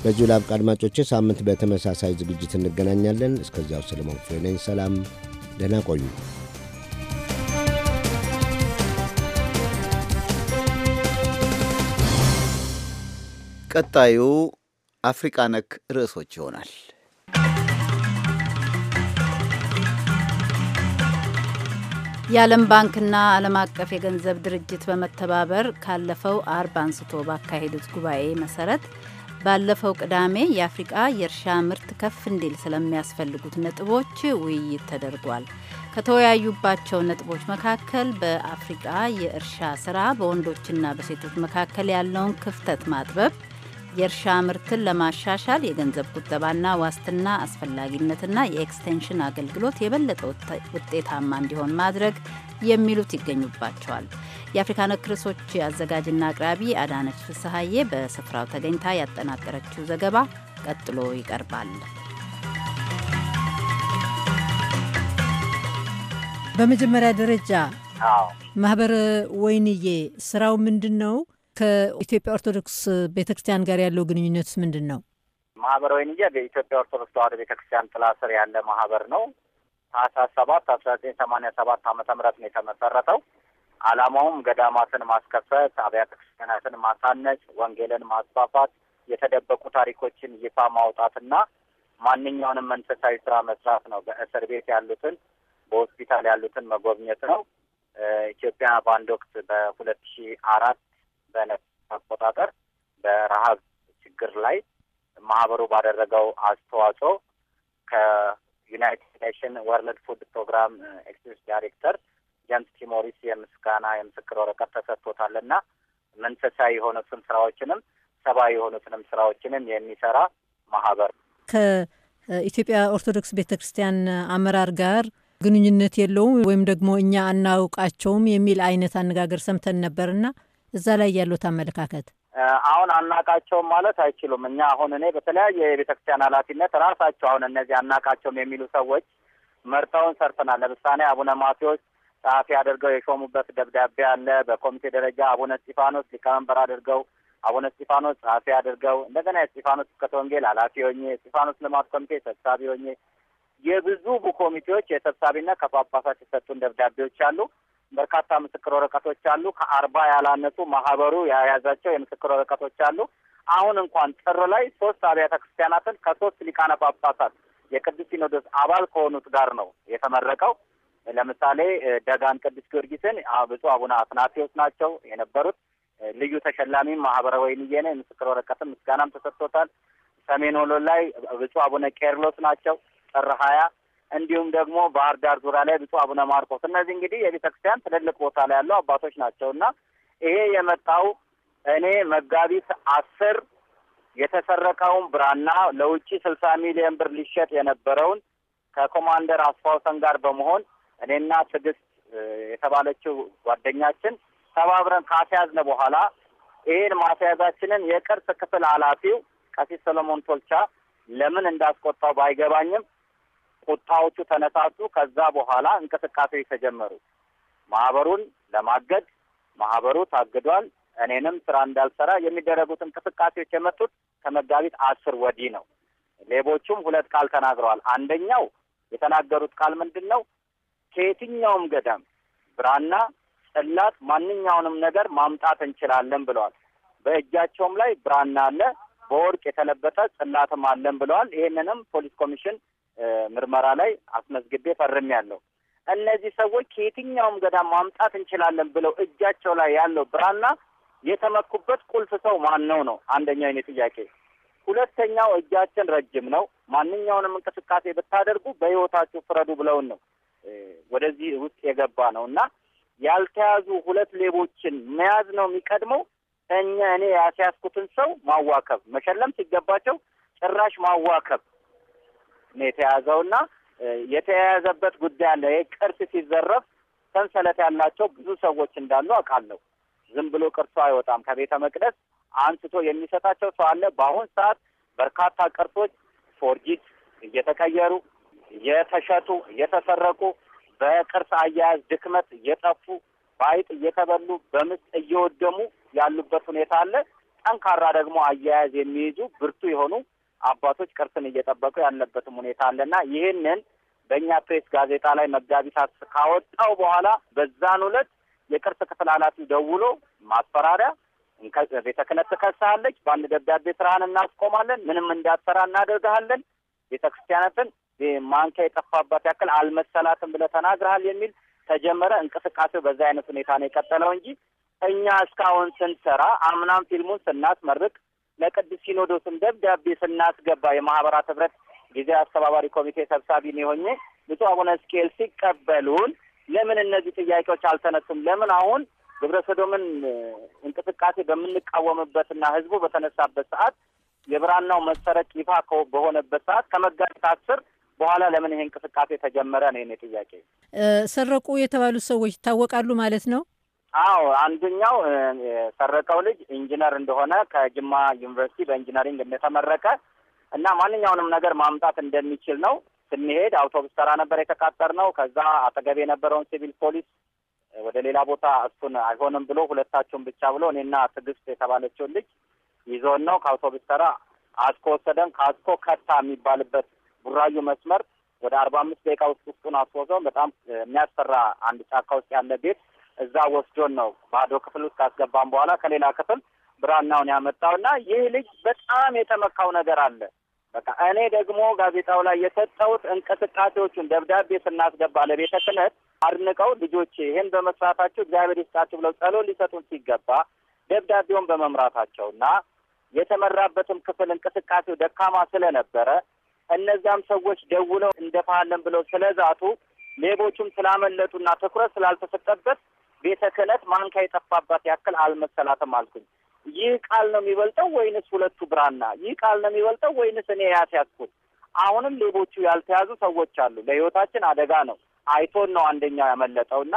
በዚሁ ላብቃ። አድማጮች ሳምንት በተመሳሳይ ዝግጅት እንገናኛለን። እስከዚያው ሰለሞን ክፍሌ ነኝ። ሰላም፣ ደህና ቆዩ። ቀጣዩ አፍሪቃ ነክ ርዕሶች ይሆናል። የዓለም ባንክና ዓለም አቀፍ የገንዘብ ድርጅት በመተባበር ካለፈው አርብ አንስቶ ባካሄዱት ጉባኤ መሰረት ባለፈው ቅዳሜ የአፍሪቃ የእርሻ ምርት ከፍ እንዲል ስለሚያስፈልጉት ነጥቦች ውይይት ተደርጓል። ከተወያዩባቸው ነጥቦች መካከል በአፍሪቃ የእርሻ ስራ በወንዶችና በሴቶች መካከል ያለውን ክፍተት ማጥበብ የእርሻ ምርትን ለማሻሻል የገንዘብ ቁጠባና ዋስትና አስፈላጊነትና የኤክስቴንሽን አገልግሎት የበለጠ ውጤታማ እንዲሆን ማድረግ የሚሉት ይገኙባቸዋል። የአፍሪካ ነክ ርዕሶች አዘጋጅና አቅራቢ አዳነች ፍስሐዬ በስፍራው ተገኝታ ያጠናቀረችው ዘገባ ቀጥሎ ይቀርባል። በመጀመሪያ ደረጃ ማህበር ወይንዬ ስራው ምንድን ነው? ከኢትዮጵያ ኦርቶዶክስ ቤተክርስቲያን ጋር ያለው ግንኙነት ምንድን ነው? ማህበራዊ ንያ በኢትዮጵያ ኦርቶዶክስ ተዋሕዶ ቤተክርስቲያን ጥላ ስር ያለ ማህበር ነው። ታህሳስ ሰባት አስራ ዘጠኝ ሰማንያ ሰባት ዓመተ ምህረት ነው የተመሰረተው። ዓላማውም ገዳማትን ማስከፈት፣ አብያተ ክርስቲያናትን ማሳነጭ፣ ወንጌልን ማስፋፋት፣ የተደበቁ ታሪኮችን ይፋ ማውጣትና ማንኛውንም መንፈሳዊ ስራ መስራት ነው። በእስር ቤት ያሉትን በሆስፒታል ያሉትን መጎብኘት ነው። ኢትዮጵያ በአንድ ወቅት በሁለት ሺ አራት በነፍስ አቆጣጠር በረሀብ ችግር ላይ ማህበሩ ባደረገው አስተዋጽኦ ከዩናይትድ ኔሽን ወርልድ ፉድ ፕሮግራም ኤክስኪዩቲቭ ዳይሬክተር ጀምስ ቲሞሪስ የምስጋና የምስክር ወረቀት ተሰጥቶታልና መንፈሳዊ የሆኑትን ስራዎችንም ሰብአዊ የሆኑትንም ስራዎችንም የሚሰራ ማህበር ከኢትዮጵያ ኦርቶዶክስ ቤተ ክርስቲያን አመራር ጋር ግንኙነት የለውም ወይም ደግሞ እኛ አናውቃቸውም የሚል አይነት አነጋገር ሰምተን ነበርና እዛ ላይ ያሉት አመለካከት? አሁን አናቃቸውም ማለት አይችሉም። እኛ አሁን እኔ በተለያየ የቤተክርስቲያን ኃላፊነት ራሳቸው አሁን እነዚህ አናቃቸውም የሚሉ ሰዎች መርጠውን ሰርተናል። ለምሳሌ አቡነ ማቴዎስ ጸሐፊ አድርገው የሾሙበት ደብዳቤ አለ። በኮሚቴ ደረጃ አቡነ እስጢፋኖስ ሊቀመንበር አድርገው አቡነ እስጢፋኖስ ጸሐፊ አድርገው እንደገና የእስጢፋኖስ ስብከተ ወንጌል ኃላፊ ሆኜ የእስጢፋኖስ ልማት ኮሚቴ ሰብሳቢ ሆኜ የብዙ ኮሚቴዎች የሰብሳቢነት ከጳጳሳት የሰጡን ደብዳቤዎች አሉ። በርካታ ምስክር ወረቀቶች አሉ። ከአርባ ያላነሱ ማህበሩ የያዛቸው የምስክር ወረቀቶች አሉ። አሁን እንኳን ጥር ላይ ሶስት አብያተ ክርስቲያናትን ከሶስት ሊቃነ ጳጳሳት የቅዱስ ሲኖዶስ አባል ከሆኑት ጋር ነው የተመረቀው። ለምሳሌ ደጋን ቅዱስ ጊዮርጊስን ብፁዕ አቡነ አትናቴዎስ ናቸው የነበሩት። ልዩ ተሸላሚም ማህበረ ወይንዬ ነው። የምስክር ወረቀትም ምስጋናም ተሰጥቶታል። ሰሜን ወሎ ላይ ብፁዕ አቡነ ቄርሎስ ናቸው ጥር ሀያ እንዲሁም ደግሞ ባህር ዳር ዙሪያ ላይ ብፁዕ አቡነ ማርቆስ እነዚህ እንግዲህ የቤተ ክርስቲያን ትልልቅ ቦታ ላይ ያለው አባቶች ናቸው እና ይሄ የመጣው እኔ መጋቢት አስር የተሰረቀውን ብራና ለውጭ ስልሳ ሚሊዮን ብር ሊሸጥ የነበረውን ከኮማንደር አስፋውሰን ጋር በመሆን እኔና ትዕግስት የተባለችው ጓደኛችን ተባብረን ካስያዝነ በኋላ ይህን ማስያዛችንን የቅርስ ክፍል ኃላፊው ቀሲስ ሰለሞን ቶልቻ ለምን እንዳስቆጣው ባይገባኝም ቁጣዎቹ ተነሳሱ። ከዛ በኋላ እንቅስቃሴዎች ተጀመሩ። ማህበሩን ለማገድ ማህበሩ ታግዷል። እኔንም ስራ እንዳልሰራ የሚደረጉት እንቅስቃሴዎች የመጡት ከመጋቢት አስር ወዲህ ነው። ሌቦቹም ሁለት ቃል ተናግረዋል። አንደኛው የተናገሩት ቃል ምንድን ነው? ከየትኛውም ገዳም ብራና፣ ጽላት፣ ማንኛውንም ነገር ማምጣት እንችላለን ብለዋል። በእጃቸውም ላይ ብራና አለ፣ በወርቅ የተለበጠ ጽላትም አለን ብለዋል። ይህንንም ፖሊስ ኮሚሽን ምርመራ ላይ አስመዝግቤ ፈርሜያለሁ። እነዚህ ሰዎች ከየትኛውም ገዳም ማምጣት እንችላለን ብለው እጃቸው ላይ ያለው ብራና የተመኩበት ቁልፍ ሰው ማን ነው ነው አንደኛው የኔ ጥያቄ። ሁለተኛው እጃችን ረጅም ነው፣ ማንኛውንም እንቅስቃሴ ብታደርጉ በሕይወታችሁ ፍረዱ ብለውን ነው ወደዚህ ውስጥ የገባ ነው እና ያልተያዙ ሁለት ሌቦችን መያዝ ነው የሚቀድመው። እኛ እኔ ያስያዝኩትን ሰው ማዋከብ መሸለም ሲገባቸው ጭራሽ ማዋከብ ነው እና የተያያዘበት ጉዳይ አለ። ይህ ቅርስ ሲዘረፍ ሰንሰለት ያላቸው ብዙ ሰዎች እንዳሉ አውቃለሁ። ዝም ብሎ ቅርሱ አይወጣም። ከቤተ መቅደስ አንስቶ የሚሰጣቸው ሰው አለ። በአሁን ሰዓት በርካታ ቅርሶች ፎርጂት እየተቀየሩ እየተሸጡ እየተሰረቁ በቅርስ አያያዝ ድክመት እየጠፉ በአይጥ እየተበሉ በምስጥ እየወደሙ ያሉበት ሁኔታ አለ። ጠንካራ ደግሞ አያያዝ የሚይዙ ብርቱ የሆኑ አባቶች ቅርስን እየጠበቁ ያለበትም ሁኔታ አለና ይህንን በእኛ ፕሬስ ጋዜጣ ላይ መጋቢት አስር ካወጣው በኋላ በዛን ዕለት የቅርስ ክፍል ኃላፊ ደውሎ ማስፈራሪያ ቤተ ክህነት ትከሳለች፣ በአንድ ደብዳቤ ስራህን እናስቆማለን፣ ምንም እንዳትሰራ እናደርግሃለን፣ ቤተ ክርስቲያናትን ማንኪያ የጠፋባት ያክል አልመሰላትም ብለህ ተናግረሃል የሚል ተጀመረ። እንቅስቃሴው በዛ አይነት ሁኔታ ነው የቀጠለው እንጂ እኛ እስካሁን ስንሰራ አምናም ፊልሙን ስናስመርቅ ለቅዱስ ሲኖዶስም ደብዳቤ ስናስገባ የማህበራት ህብረት ጊዜ አስተባባሪ ኮሚቴ ሰብሳቢ ሆኜ ብፁዕ አቡነ ስኬል ሲቀበሉን ለምን እነዚህ ጥያቄዎች አልተነሱም? ለምን አሁን ግብረ ሰዶምን እንቅስቃሴ በምንቃወምበትና ህዝቡ በተነሳበት ሰዓት የብራናው መሰረቅ ይፋ በሆነበት ሰዓት ከመጋቢት አስር በኋላ ለምን ይሄ እንቅስቃሴ ተጀመረ ነው የኔ ጥያቄ። ሰረቁ የተባሉ ሰዎች ይታወቃሉ ማለት ነው? አዎ አንደኛው የሰረቀው ልጅ ኢንጂነር እንደሆነ ከጅማ ዩኒቨርሲቲ በኢንጂነሪንግ እንደተመረቀ እና ማንኛውንም ነገር ማምጣት እንደሚችል ነው። ስንሄድ አውቶቡስ ተራ ነበር የተቃጠር ነው። ከዛ አጠገብ የነበረውን ሲቪል ፖሊስ ወደ ሌላ ቦታ እሱን አይሆንም ብሎ ሁለታቸውን ብቻ ብሎ እኔና ትዕግስት የተባለችውን ልጅ ይዞን ነው ከአውቶቡስ ተራ አስኮ ወሰደን። ከአስኮ ከታ የሚባልበት ቡራዩ መስመር ወደ አርባ አምስት ደቂቃ ውስጥ ውስጡን አስወዘውን። በጣም የሚያስፈራ አንድ ጫካ ውስጥ ያለ ቤት እዛ ወስዶን ነው ባዶ ክፍል ውስጥ ካስገባን በኋላ ከሌላ ክፍል ብራናውን ያመጣው እና ይህ ልጅ በጣም የተመካው ነገር አለ። በቃ እኔ ደግሞ ጋዜጣው ላይ የሰጠሁት እንቅስቃሴዎቹን ደብዳቤ ስናስገባ ለቤተ ክህነት አድንቀው ልጆቼ ይህን በመስራታቸው እግዚአብሔር ይስጣቸው ብለው ጸሎት ሊሰጡን ሲገባ ደብዳቤውን በመምራታቸው እና የተመራበትም ክፍል እንቅስቃሴው ደካማ ስለነበረ እነዚያም ሰዎች ደውለው እንደፋለን ብለው ስለዛቱ ሌቦቹም ስላመለጡና ትኩረት ስላልተሰጠበት ቤተ ክህነት ማንካ የጠፋባት ያክል አልመሰላትም አልኩኝ። ይህ ቃል ነው የሚበልጠው ወይንስ ሁለቱ ብራና? ይህ ቃል ነው የሚበልጠው ወይንስ እኔ ያስያዝኩት? አሁንም ሌቦቹ ያልተያዙ ሰዎች አሉ። ለህይወታችን አደጋ ነው። አይቶን ነው አንደኛው ያመለጠው እና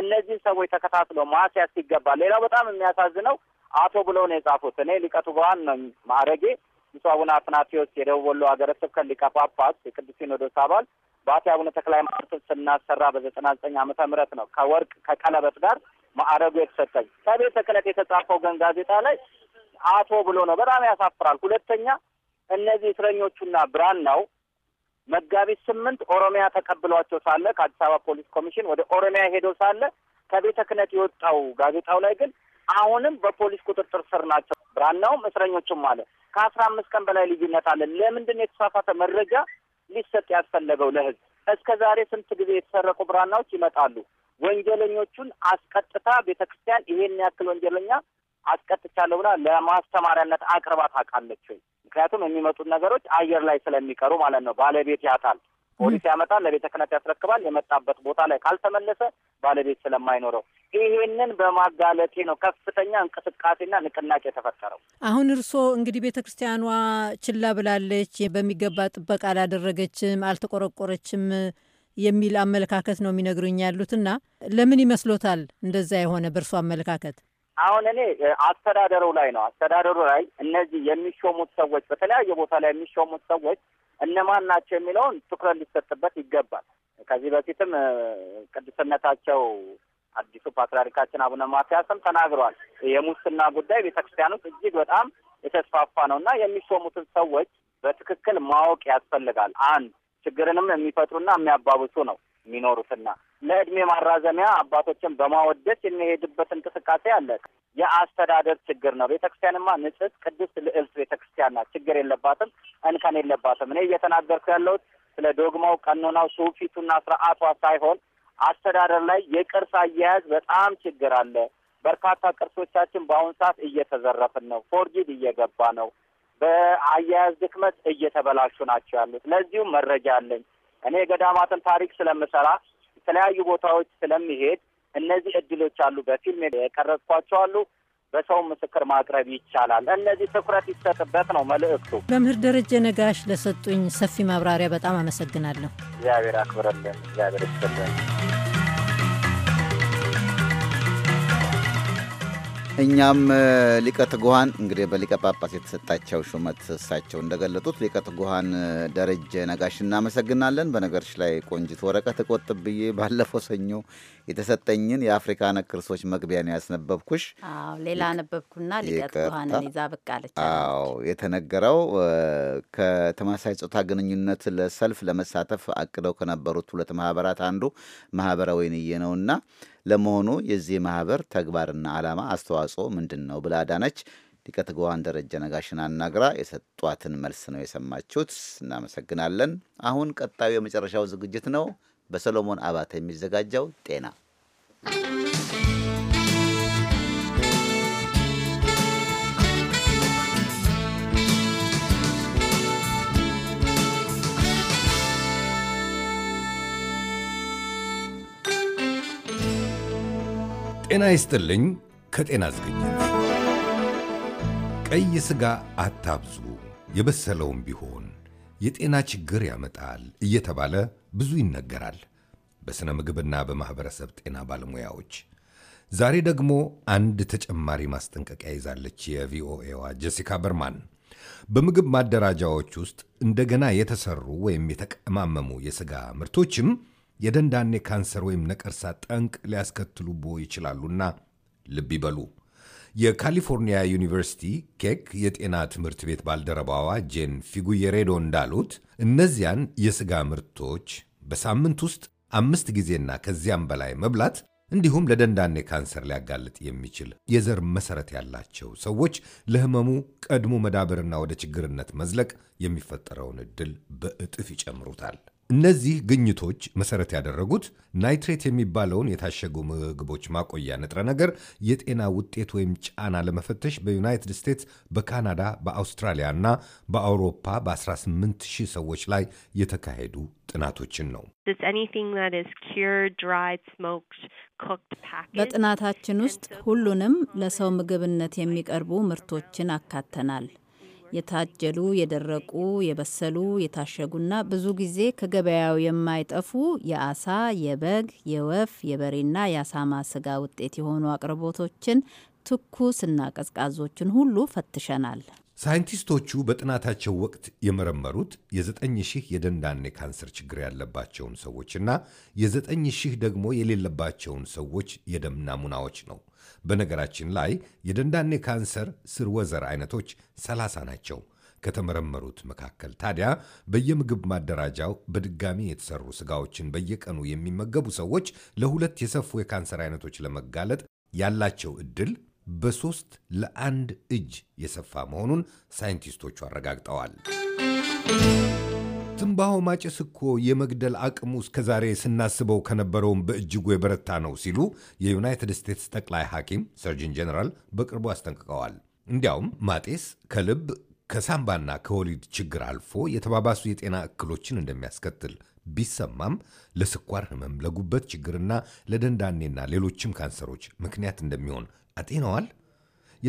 እነዚህን ሰዎች ተከታትሎ ማስያዝ ይገባል። ሌላው በጣም የሚያሳዝነው አቶ ብለው ነው የጻፉት። እኔ ሊቀቱ ገዋን ነው ማዕረጌ ብፁዕ አቡነ አትናቴዎስ የደቡብ ወሎ ሀገረ ስብከት ሊቀ ጳጳስ የቅዱስ ሲኖዶስ አባል በአቶ አቡነ ተክለ ሃይማኖትን ስናሰራ በዘጠና ዘጠኝ ዓመተ ምህረት ነው ከወርቅ ከቀለበት ጋር ማዕረጉ የተሰጠኝ። ከቤተ ክህነት የተጻፈው ግን ጋዜጣ ላይ አቶ ብሎ ነው። በጣም ያሳፍራል። ሁለተኛ እነዚህ እስረኞቹና ብራናው መጋቢት ስምንት ኦሮሚያ ተቀብሏቸው ሳለ ከአዲስ አበባ ፖሊስ ኮሚሽን ወደ ኦሮሚያ ሄደው ሳለ ከቤተ ክህነት የወጣው ጋዜጣው ላይ ግን አሁንም በፖሊስ ቁጥጥር ስር ናቸው ብራናውም እስረኞችም አለ። ከአስራ አምስት ቀን በላይ ልዩነት አለ። ለምንድን ነው የተሳሳተ መረጃ ሊሰጥ ያስፈለገው ለህዝብ? እስከ ዛሬ ስንት ጊዜ የተሰረቁ ብራናዎች ይመጣሉ። ወንጀለኞቹን አስቀጥታ ቤተ ክርስቲያን ይሄን ያክል ወንጀለኛ አስቀጥቻለሁ ብላ ለማስተማሪያነት አቅርባ ታውቃለች ወይ? ምክንያቱም የሚመጡት ነገሮች አየር ላይ ስለሚቀሩ ማለት ነው። ባለቤት ያታል ፖሊስ ያመጣል፣ ለቤተ ክህነት ያስረክባል። የመጣበት ቦታ ላይ ካልተመለሰ ባለቤት ስለማይኖረው ይሄንን በማጋለጤ ነው ከፍተኛ እንቅስቃሴና ንቅናቄ የተፈጠረው። አሁን እርስዎ እንግዲህ ቤተ ክርስቲያኗ ችላ ብላለች፣ በሚገባ ጥበቃ አላደረገችም፣ አልተቆረቆረችም የሚል አመለካከት ነው የሚነግሩኝ ያሉትና ለምን ይመስሎታል እንደዛ የሆነ በእርሶ አመለካከት? አሁን እኔ አስተዳደሩ ላይ ነው አስተዳደሩ ላይ እነዚህ የሚሾሙት ሰዎች በተለያየ ቦታ ላይ የሚሾሙት ሰዎች እነማን ናቸው የሚለውን ትኩረት ሊሰጥበት ይገባል። ከዚህ በፊትም ቅድስነታቸው አዲሱ ፓትርያርካችን አቡነ ማትያስም ተናግሯል። የሙስና ጉዳይ ቤተ ክርስቲያን ውስጥ እጅግ በጣም የተስፋፋ ነው እና የሚሾሙትን ሰዎች በትክክል ማወቅ ያስፈልጋል። አንድ ችግርንም የሚፈጥሩና የሚያባብሱ ነው። የሚኖሩትና ለእድሜ ማራዘሚያ አባቶችን በማወደስ የሚሄድበት እንቅስቃሴ አለ። የአስተዳደር ችግር ነው። ቤተክርስቲያንማ ንጽሕት፣ ቅድስት፣ ልዕልት ቤተክርስቲያን ናት። ችግር የለባትም፣ እንከን የለባትም። እኔ እየተናገርኩ ያለሁት ስለ ዶግማው፣ ቀኖናው፣ ስውፊቱና ስርዓቷ ሳይሆን አስተዳደር ላይ የቅርስ አያያዝ በጣም ችግር አለ። በርካታ ቅርሶቻችን በአሁኑ ሰዓት እየተዘረፍን ነው። ፎርጂድ እየገባ ነው። በአያያዝ ድክመት እየተበላሹ ናቸው ያሉት። ለዚሁም መረጃ አለኝ። እኔ የገዳማትን ታሪክ ስለምሰራ የተለያዩ ቦታዎች ስለሚሄድ እነዚህ እድሎች አሉ። በፊልም የቀረጽኳቸው አሉ። በሰው ምስክር ማቅረብ ይቻላል። እነዚህ ትኩረት ይሰጥበት ነው መልእክቱ። መምህር ደረጀ ነጋሽ ለሰጡኝ ሰፊ ማብራሪያ በጣም አመሰግናለሁ። እግዚአብሔር አክብረልን። እግዚአብሔር ይስጥልን። እኛም ሊቀ ትጉሃን እንግዲህ በሊቀ ጳጳስ የተሰጣቸው ሹመት እሳቸው እንደገለጡት ሊቀ ትጉሃን ደረጀ ነጋሽ እናመሰግናለን። በነገሮች ላይ ቆንጅት ወረቀት እቆጥብ ብዬ ባለፈው ሰኞ የተሰጠኝን የአፍሪካ ነክ ርዕሶች መግቢያ ነው ያስነበብኩሽ። ሌላ ነበብኩና ሊቀ ትጉሃንን ይዛ ብቅ አዎ የተነገረው ከተመሳሳይ ጾታ ግንኙነት ለሰልፍ ለመሳተፍ አቅደው ከነበሩት ሁለት ማህበራት አንዱ ማህበረ ወይንዬ ነውና ለመሆኑ የዚህ ማህበር ተግባርና ዓላማ አስተዋጽኦ ምንድን ነው ብላ ዳነች ሊቀትጓዋን ደረጀ ነጋሽን አናግራ የሰጧትን መልስ ነው የሰማችሁት። እናመሰግናለን። አሁን ቀጣዩ የመጨረሻው ዝግጅት ነው፣ በሰሎሞን አባተ የሚዘጋጀው ጤና ጤና ይስጥልኝ። ከጤና ዝግጅት ቀይ ሥጋ አታብዙ፣ የበሰለውም ቢሆን የጤና ችግር ያመጣል እየተባለ ብዙ ይነገራል በሥነ ምግብና በማኅበረሰብ ጤና ባለሙያዎች። ዛሬ ደግሞ አንድ ተጨማሪ ማስጠንቀቂያ ይዛለች የቪኦኤዋ ጀሲካ በርማን። በምግብ ማደራጃዎች ውስጥ እንደገና የተሰሩ ወይም የተቀማመሙ የሥጋ ምርቶችም የደንዳኔ ካንሰር ወይም ነቀርሳ ጠንቅ ቦ ይችላሉና ልብ ይበሉ። የካሊፎርኒያ ዩኒቨርሲቲ ኬክ የጤና ትምህርት ቤት ባልደረባዋ ጄን ፊጉየሬዶ እንዳሉት እነዚያን የሥጋ ምርቶች በሳምንት ውስጥ አምስት ጊዜና ከዚያም በላይ መብላት እንዲሁም ለደንዳኔ ካንሰር ሊያጋልጥ የሚችል የዘር መሰረት ያላቸው ሰዎች ለህመሙ ቀድሞ መዳበርና ወደ ችግርነት መዝለቅ የሚፈጠረውን ዕድል በእጥፍ ይጨምሩታል። እነዚህ ግኝቶች መሰረት ያደረጉት ናይትሬት የሚባለውን የታሸጉ ምግቦች ማቆያ ንጥረ ነገር የጤና ውጤት ወይም ጫና ለመፈተሽ በዩናይትድ ስቴትስ፣ በካናዳ፣ በአውስትራሊያ እና በአውሮፓ በ18 ሺህ ሰዎች ላይ የተካሄዱ ጥናቶችን ነው። በጥናታችን ውስጥ ሁሉንም ለሰው ምግብነት የሚቀርቡ ምርቶችን አካተናል። የታጀሉ የደረቁ፣ የበሰሉ፣ የታሸጉና ብዙ ጊዜ ከገበያው የማይጠፉ የአሳ፣ የበግ፣ የወፍ፣ የበሬና የአሳማ ስጋ ውጤት የሆኑ አቅርቦቶችን ትኩስና ቀዝቃዞችን ሁሉ ፈትሸናል። ሳይንቲስቶቹ በጥናታቸው ወቅት የመረመሩት የ9000 የደንዳኔ ካንሰር ችግር ያለባቸውን ሰዎችና የ9000 ደግሞ የሌለባቸውን ሰዎች የደም ናሙናዎች ነው። በነገራችን ላይ የደንዳኔ ካንሰር ስር ወዘር አይነቶች 30 ናቸው። ከተመረመሩት መካከል ታዲያ በየምግብ ማደራጃው በድጋሚ የተሰሩ ስጋዎችን በየቀኑ የሚመገቡ ሰዎች ለሁለት የሰፉ የካንሰር አይነቶች ለመጋለጥ ያላቸው እድል በሶስት ለአንድ እጅ የሰፋ መሆኑን ሳይንቲስቶቹ አረጋግጠዋል። ትንባሆ ማጨስ እኮ የመግደል አቅሙ እስከዛሬ ስናስበው ከነበረውም በእጅጉ የበረታ ነው ሲሉ የዩናይትድ ስቴትስ ጠቅላይ ሐኪም ሰርጅን ጀነራል በቅርቡ አስጠንቅቀዋል። እንዲያውም ማጤስ ከልብ ከሳምባና ከወሊድ ችግር አልፎ የተባባሱ የጤና እክሎችን እንደሚያስከትል ቢሰማም ለስኳር ህመም፣ ለጉበት ችግርና ለደንዳኔና ሌሎችም ካንሰሮች ምክንያት እንደሚሆን አጤነዋል።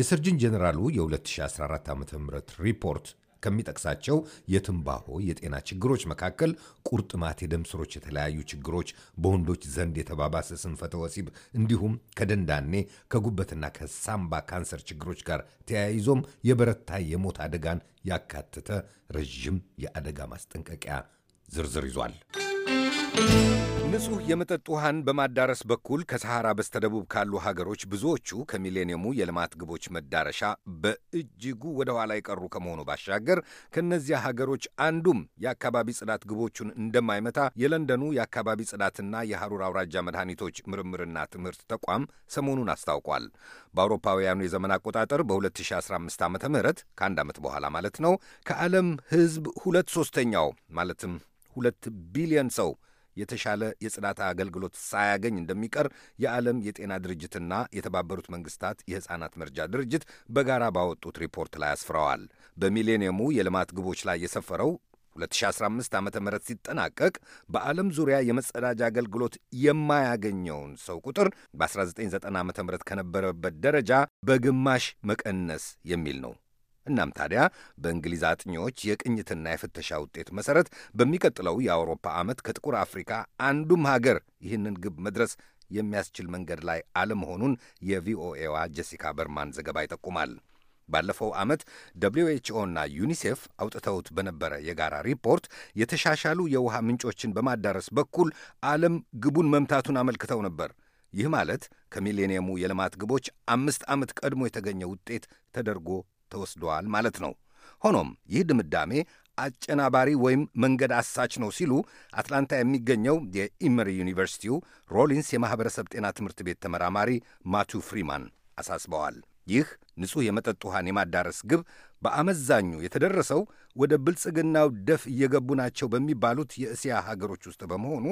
የሰርጅን ጀነራሉ የ2014 ዓ ም ሪፖርት ከሚጠቅሳቸው የትንባሆ የጤና ችግሮች መካከል ቁርጥማት፣ የደም ስሮች፣ የተለያዩ ችግሮች፣ በወንዶች ዘንድ የተባባሰ ስንፈተ ወሲብ እንዲሁም ከደንዳኔ ከጉበትና ከሳምባ ካንሰር ችግሮች ጋር ተያይዞም የበረታ የሞት አደጋን ያካተተ ረዥም የአደጋ ማስጠንቀቂያ ዝርዝር ይዟል። ንጹህ የመጠጥ ውሃን በማዳረስ በኩል ከሰሐራ በስተደቡብ ካሉ ሀገሮች ብዙዎቹ ከሚሌኒየሙ የልማት ግቦች መዳረሻ በእጅጉ ወደ ኋላ የቀሩ ከመሆኑ ባሻገር ከእነዚያ ሀገሮች አንዱም የአካባቢ ጽዳት ግቦቹን እንደማይመታ የለንደኑ የአካባቢ ጽዳትና የሐሩር አውራጃ መድኃኒቶች ምርምርና ትምህርት ተቋም ሰሞኑን አስታውቋል። በአውሮፓውያኑ የዘመን አቆጣጠር በ2015 ዓ ም ከአንድ ዓመት በኋላ ማለት ነው ከዓለም ሕዝብ ሁለት ሦስተኛው ማለትም ሁለት ቢሊዮን ሰው የተሻለ የጽዳት አገልግሎት ሳያገኝ እንደሚቀር የዓለም የጤና ድርጅትና የተባበሩት መንግስታት የሕፃናት መርጃ ድርጅት በጋራ ባወጡት ሪፖርት ላይ አስፍረዋል። በሚሌኒየሙ የልማት ግቦች ላይ የሰፈረው 2015 ዓ ም ሲጠናቀቅ በዓለም ዙሪያ የመጸዳጃ አገልግሎት የማያገኘውን ሰው ቁጥር በ1990 ዓ ም ከነበረበት ደረጃ በግማሽ መቀነስ የሚል ነው። እናም ታዲያ በእንግሊዝ አጥኚዎች የቅኝትና የፍተሻ ውጤት መሰረት በሚቀጥለው የአውሮፓ ዓመት ከጥቁር አፍሪካ አንዱም ሀገር ይህንን ግብ መድረስ የሚያስችል መንገድ ላይ አለመሆኑን የቪኦኤዋ ጀሲካ በርማን ዘገባ ይጠቁማል። ባለፈው ዓመት ደብሊው ኤች ኦ እና ዩኒሴፍ አውጥተውት በነበረ የጋራ ሪፖርት የተሻሻሉ የውሃ ምንጮችን በማዳረስ በኩል ዓለም ግቡን መምታቱን አመልክተው ነበር። ይህ ማለት ከሚሌኒየሙ የልማት ግቦች አምስት ዓመት ቀድሞ የተገኘ ውጤት ተደርጎ ተወስደዋል ማለት ነው። ሆኖም ይህ ድምዳሜ አጨናባሪ ወይም መንገድ አሳች ነው ሲሉ አትላንታ የሚገኘው የኢመሪ ዩኒቨርሲቲው ሮሊንስ የማኅበረሰብ ጤና ትምህርት ቤት ተመራማሪ ማቱ ፍሪማን አሳስበዋል። ይህ ንጹሕ የመጠጥ ውሃን የማዳረስ ግብ በአመዛኙ የተደረሰው ወደ ብልጽግናው ደፍ እየገቡ ናቸው በሚባሉት የእስያ ሀገሮች ውስጥ በመሆኑ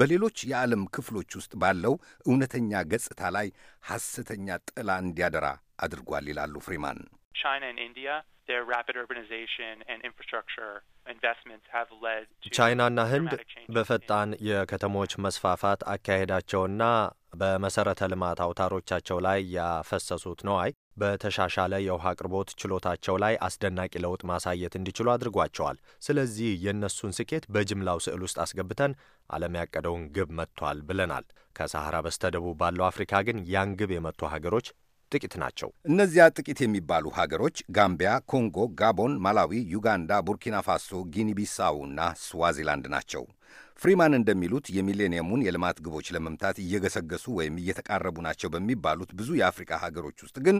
በሌሎች የዓለም ክፍሎች ውስጥ ባለው እውነተኛ ገጽታ ላይ ሐሰተኛ ጥላ እንዲያደራ አድርጓል ይላሉ ፍሪማን። China and India, their rapid urbanization and infrastructure investments have led to ቻይናና ህንድ በፈጣን የከተሞች መስፋፋት አካሄዳቸውና በመሰረተ ልማት አውታሮቻቸው ላይ ያፈሰሱት ነዋይ በተሻሻለ የውሃ አቅርቦት ችሎታቸው ላይ አስደናቂ ለውጥ ማሳየት እንዲችሉ አድርጓቸዋል። ስለዚህ የእነሱን ስኬት በጅምላው ስዕል ውስጥ አስገብተን ዓለም ያቀደውን ግብ መጥቷል ብለናል። ከሳሐራ በስተደቡብ ባለው አፍሪካ ግን ያን ግብ የመቱ ሀገሮች ጥቂት ናቸው። እነዚያ ጥቂት የሚባሉ ሀገሮች ጋምቢያ፣ ኮንጎ፣ ጋቦን፣ ማላዊ፣ ዩጋንዳ፣ ቡርኪና ፋሶ፣ ጊኒ ቢሳውና ስዋዚላንድ ናቸው። ፍሪማን እንደሚሉት የሚሌኒየሙን የልማት ግቦች ለመምታት እየገሰገሱ ወይም እየተቃረቡ ናቸው በሚባሉት ብዙ የአፍሪካ ሀገሮች ውስጥ ግን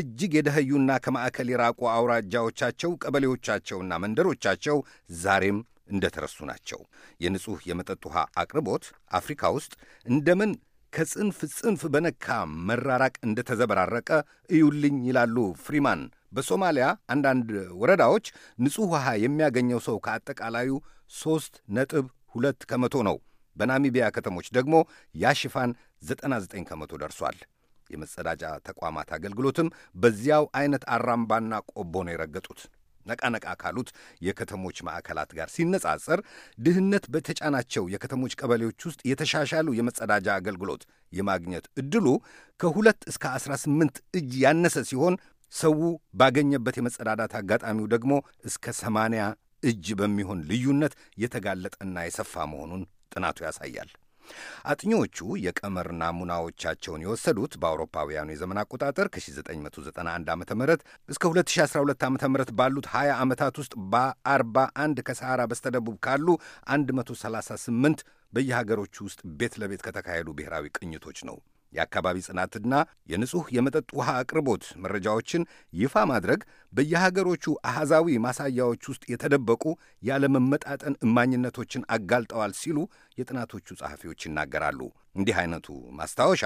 እጅግ የደኸዩና ከማዕከል የራቁ አውራጃዎቻቸው፣ ቀበሌዎቻቸውና መንደሮቻቸው ዛሬም እንደተረሱ ናቸው። የንጹሕ የመጠጥ ውሃ አቅርቦት አፍሪካ ውስጥ እንደምን ከጽንፍ ጽንፍ በነካ መራራቅ እንደተዘበራረቀ እዩልኝ ይላሉ ፍሪማን። በሶማሊያ አንዳንድ ወረዳዎች ንጹሕ ውሃ የሚያገኘው ሰው ከአጠቃላዩ ሦስት ነጥብ ሁለት ከመቶ ነው። በናሚቢያ ከተሞች ደግሞ ያ ሽፋን 99 ከመቶ ደርሷል። የመጸዳጃ ተቋማት አገልግሎትም በዚያው አይነት አራምባና ቆቦ ነው የረገጡት። ነቃነቃ ካሉት የከተሞች ማዕከላት ጋር ሲነጻጸር ድህነት በተጫናቸው የከተሞች ቀበሌዎች ውስጥ የተሻሻሉ የመጸዳጃ አገልግሎት የማግኘት ዕድሉ ከሁለት እስከ 18 እጅ ያነሰ ሲሆን ሰው ባገኘበት የመጸዳዳት አጋጣሚው ደግሞ እስከ 80 እጅ በሚሆን ልዩነት የተጋለጠና የሰፋ መሆኑን ጥናቱ ያሳያል። አጥኚዎቹ የቀመር ናሙናዎቻቸውን የወሰዱት በአውሮፓውያኑ የዘመን አቆጣጠር ከ1991 ዓ ም እስከ 2012 ዓ ም ባሉት 20 ዓመታት ውስጥ በ41 ከሰሃራ በስተደቡብ ካሉ 138 በየሀገሮቹ ውስጥ ቤት ለቤት ከተካሄዱ ብሔራዊ ቅኝቶች ነው። የአካባቢ ጽናትና የንጹሕ የመጠጥ ውሃ አቅርቦት መረጃዎችን ይፋ ማድረግ በየሀገሮቹ አሃዛዊ ማሳያዎች ውስጥ የተደበቁ ያለመመጣጠን እማኝነቶችን አጋልጠዋል ሲሉ የጥናቶቹ ጸሐፊዎች ይናገራሉ። እንዲህ አይነቱ ማስታወሻ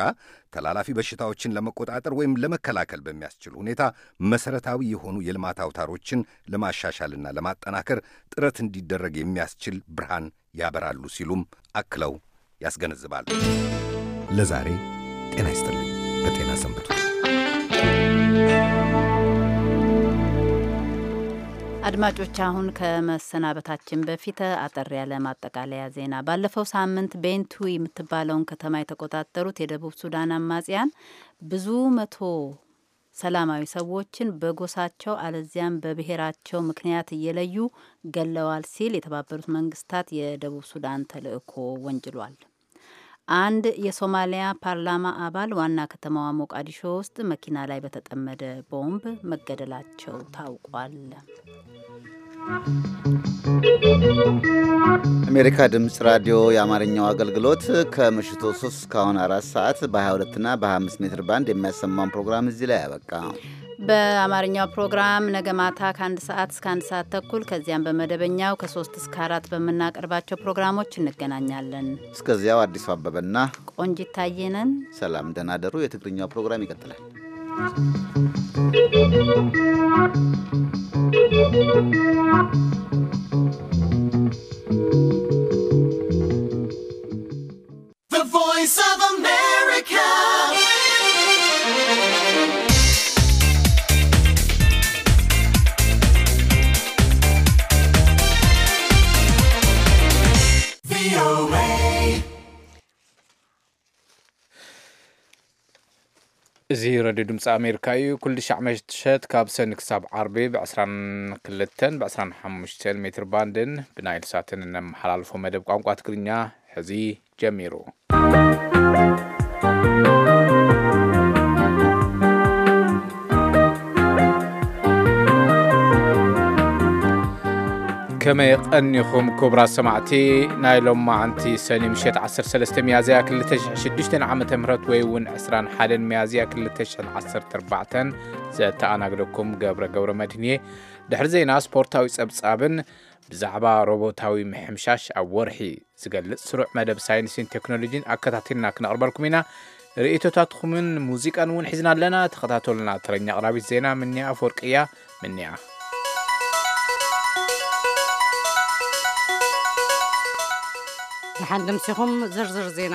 ተላላፊ በሽታዎችን ለመቆጣጠር ወይም ለመከላከል በሚያስችል ሁኔታ መሰረታዊ የሆኑ የልማት አውታሮችን ለማሻሻልና ለማጠናከር ጥረት እንዲደረግ የሚያስችል ብርሃን ያበራሉ ሲሉም አክለው ያስገነዝባል። ለዛሬ ጤና ይስጥልኝ። በጤና ሰንብቱ። አድማጮች አሁን ከመሰናበታችን በፊት አጠር ያለ ማጠቃለያ ዜና። ባለፈው ሳምንት ቤንቱ የምትባለውን ከተማ የተቆጣጠሩት የደቡብ ሱዳን አማጽያን ብዙ መቶ ሰላማዊ ሰዎችን በጎሳቸው አለዚያም በብሔራቸው ምክንያት እየለዩ ገለዋል ሲል የተባበሩት መንግስታት የደቡብ ሱዳን ተልእኮ ወንጅሏል። አንድ የሶማሊያ ፓርላማ አባል ዋና ከተማዋ ሞቃዲሾ ውስጥ መኪና ላይ በተጠመደ ቦምብ መገደላቸው ታውቋል። አሜሪካ ድምፅ ራዲዮ የአማርኛው አገልግሎት ከምሽቱ 3 እስካሁን አራት ሰዓት በ22 እና በ25 ሜትር ባንድ የሚያሰማውን ፕሮግራም እዚህ ላይ ያበቃ። በአማርኛው ፕሮግራም ነገ ማታ ከአንድ ሰዓት እስከ አንድ ሰዓት ተኩል ከዚያም በመደበኛው ከሶስት እስከ አራት በምናቀርባቸው ፕሮግራሞች እንገናኛለን። እስከዚያው አዲሱ አበበና ቆንጂት ታየ ሰላም ደናደሩ። የትግርኛው ፕሮግራም ይቀጥላል። The Voice of America እዚ ረድዮ ድምፂ ኣሜሪካ እዩ ኩሉ ሻዕ ካብ ሰኒ ክሳብ ዓርቢ ብ22 ብ25 ሜትር ባንድን ብናይልሳትን እነመሓላልፎ መደብ ቋንቋ ትግርኛ ሕዚ ጀሚሩ كمي أنيخم كبرى سمعتي نايلوم ما عنتي سني مشيت عصر سلست ميازيا كل تشح شدشتن عم تمرت ويون عسران حال ميازيا كل تشح عصر تربعتن زت أنا أقولكم قبر قبر مدنية دحر زينا سبورت أو سبس أبن بزعبا روبوت أو محمشاش أو ورحي زقل سرع مدب ساينسين تكنولوجين أكتاتينا كنا أربعكم هنا رئيتو تاتخمين موزيكا نون حزنا لنا تخطاتو لنا ترين أقرابي زينا مني أفورقيا مني أفورقيا لحد زر زر زينة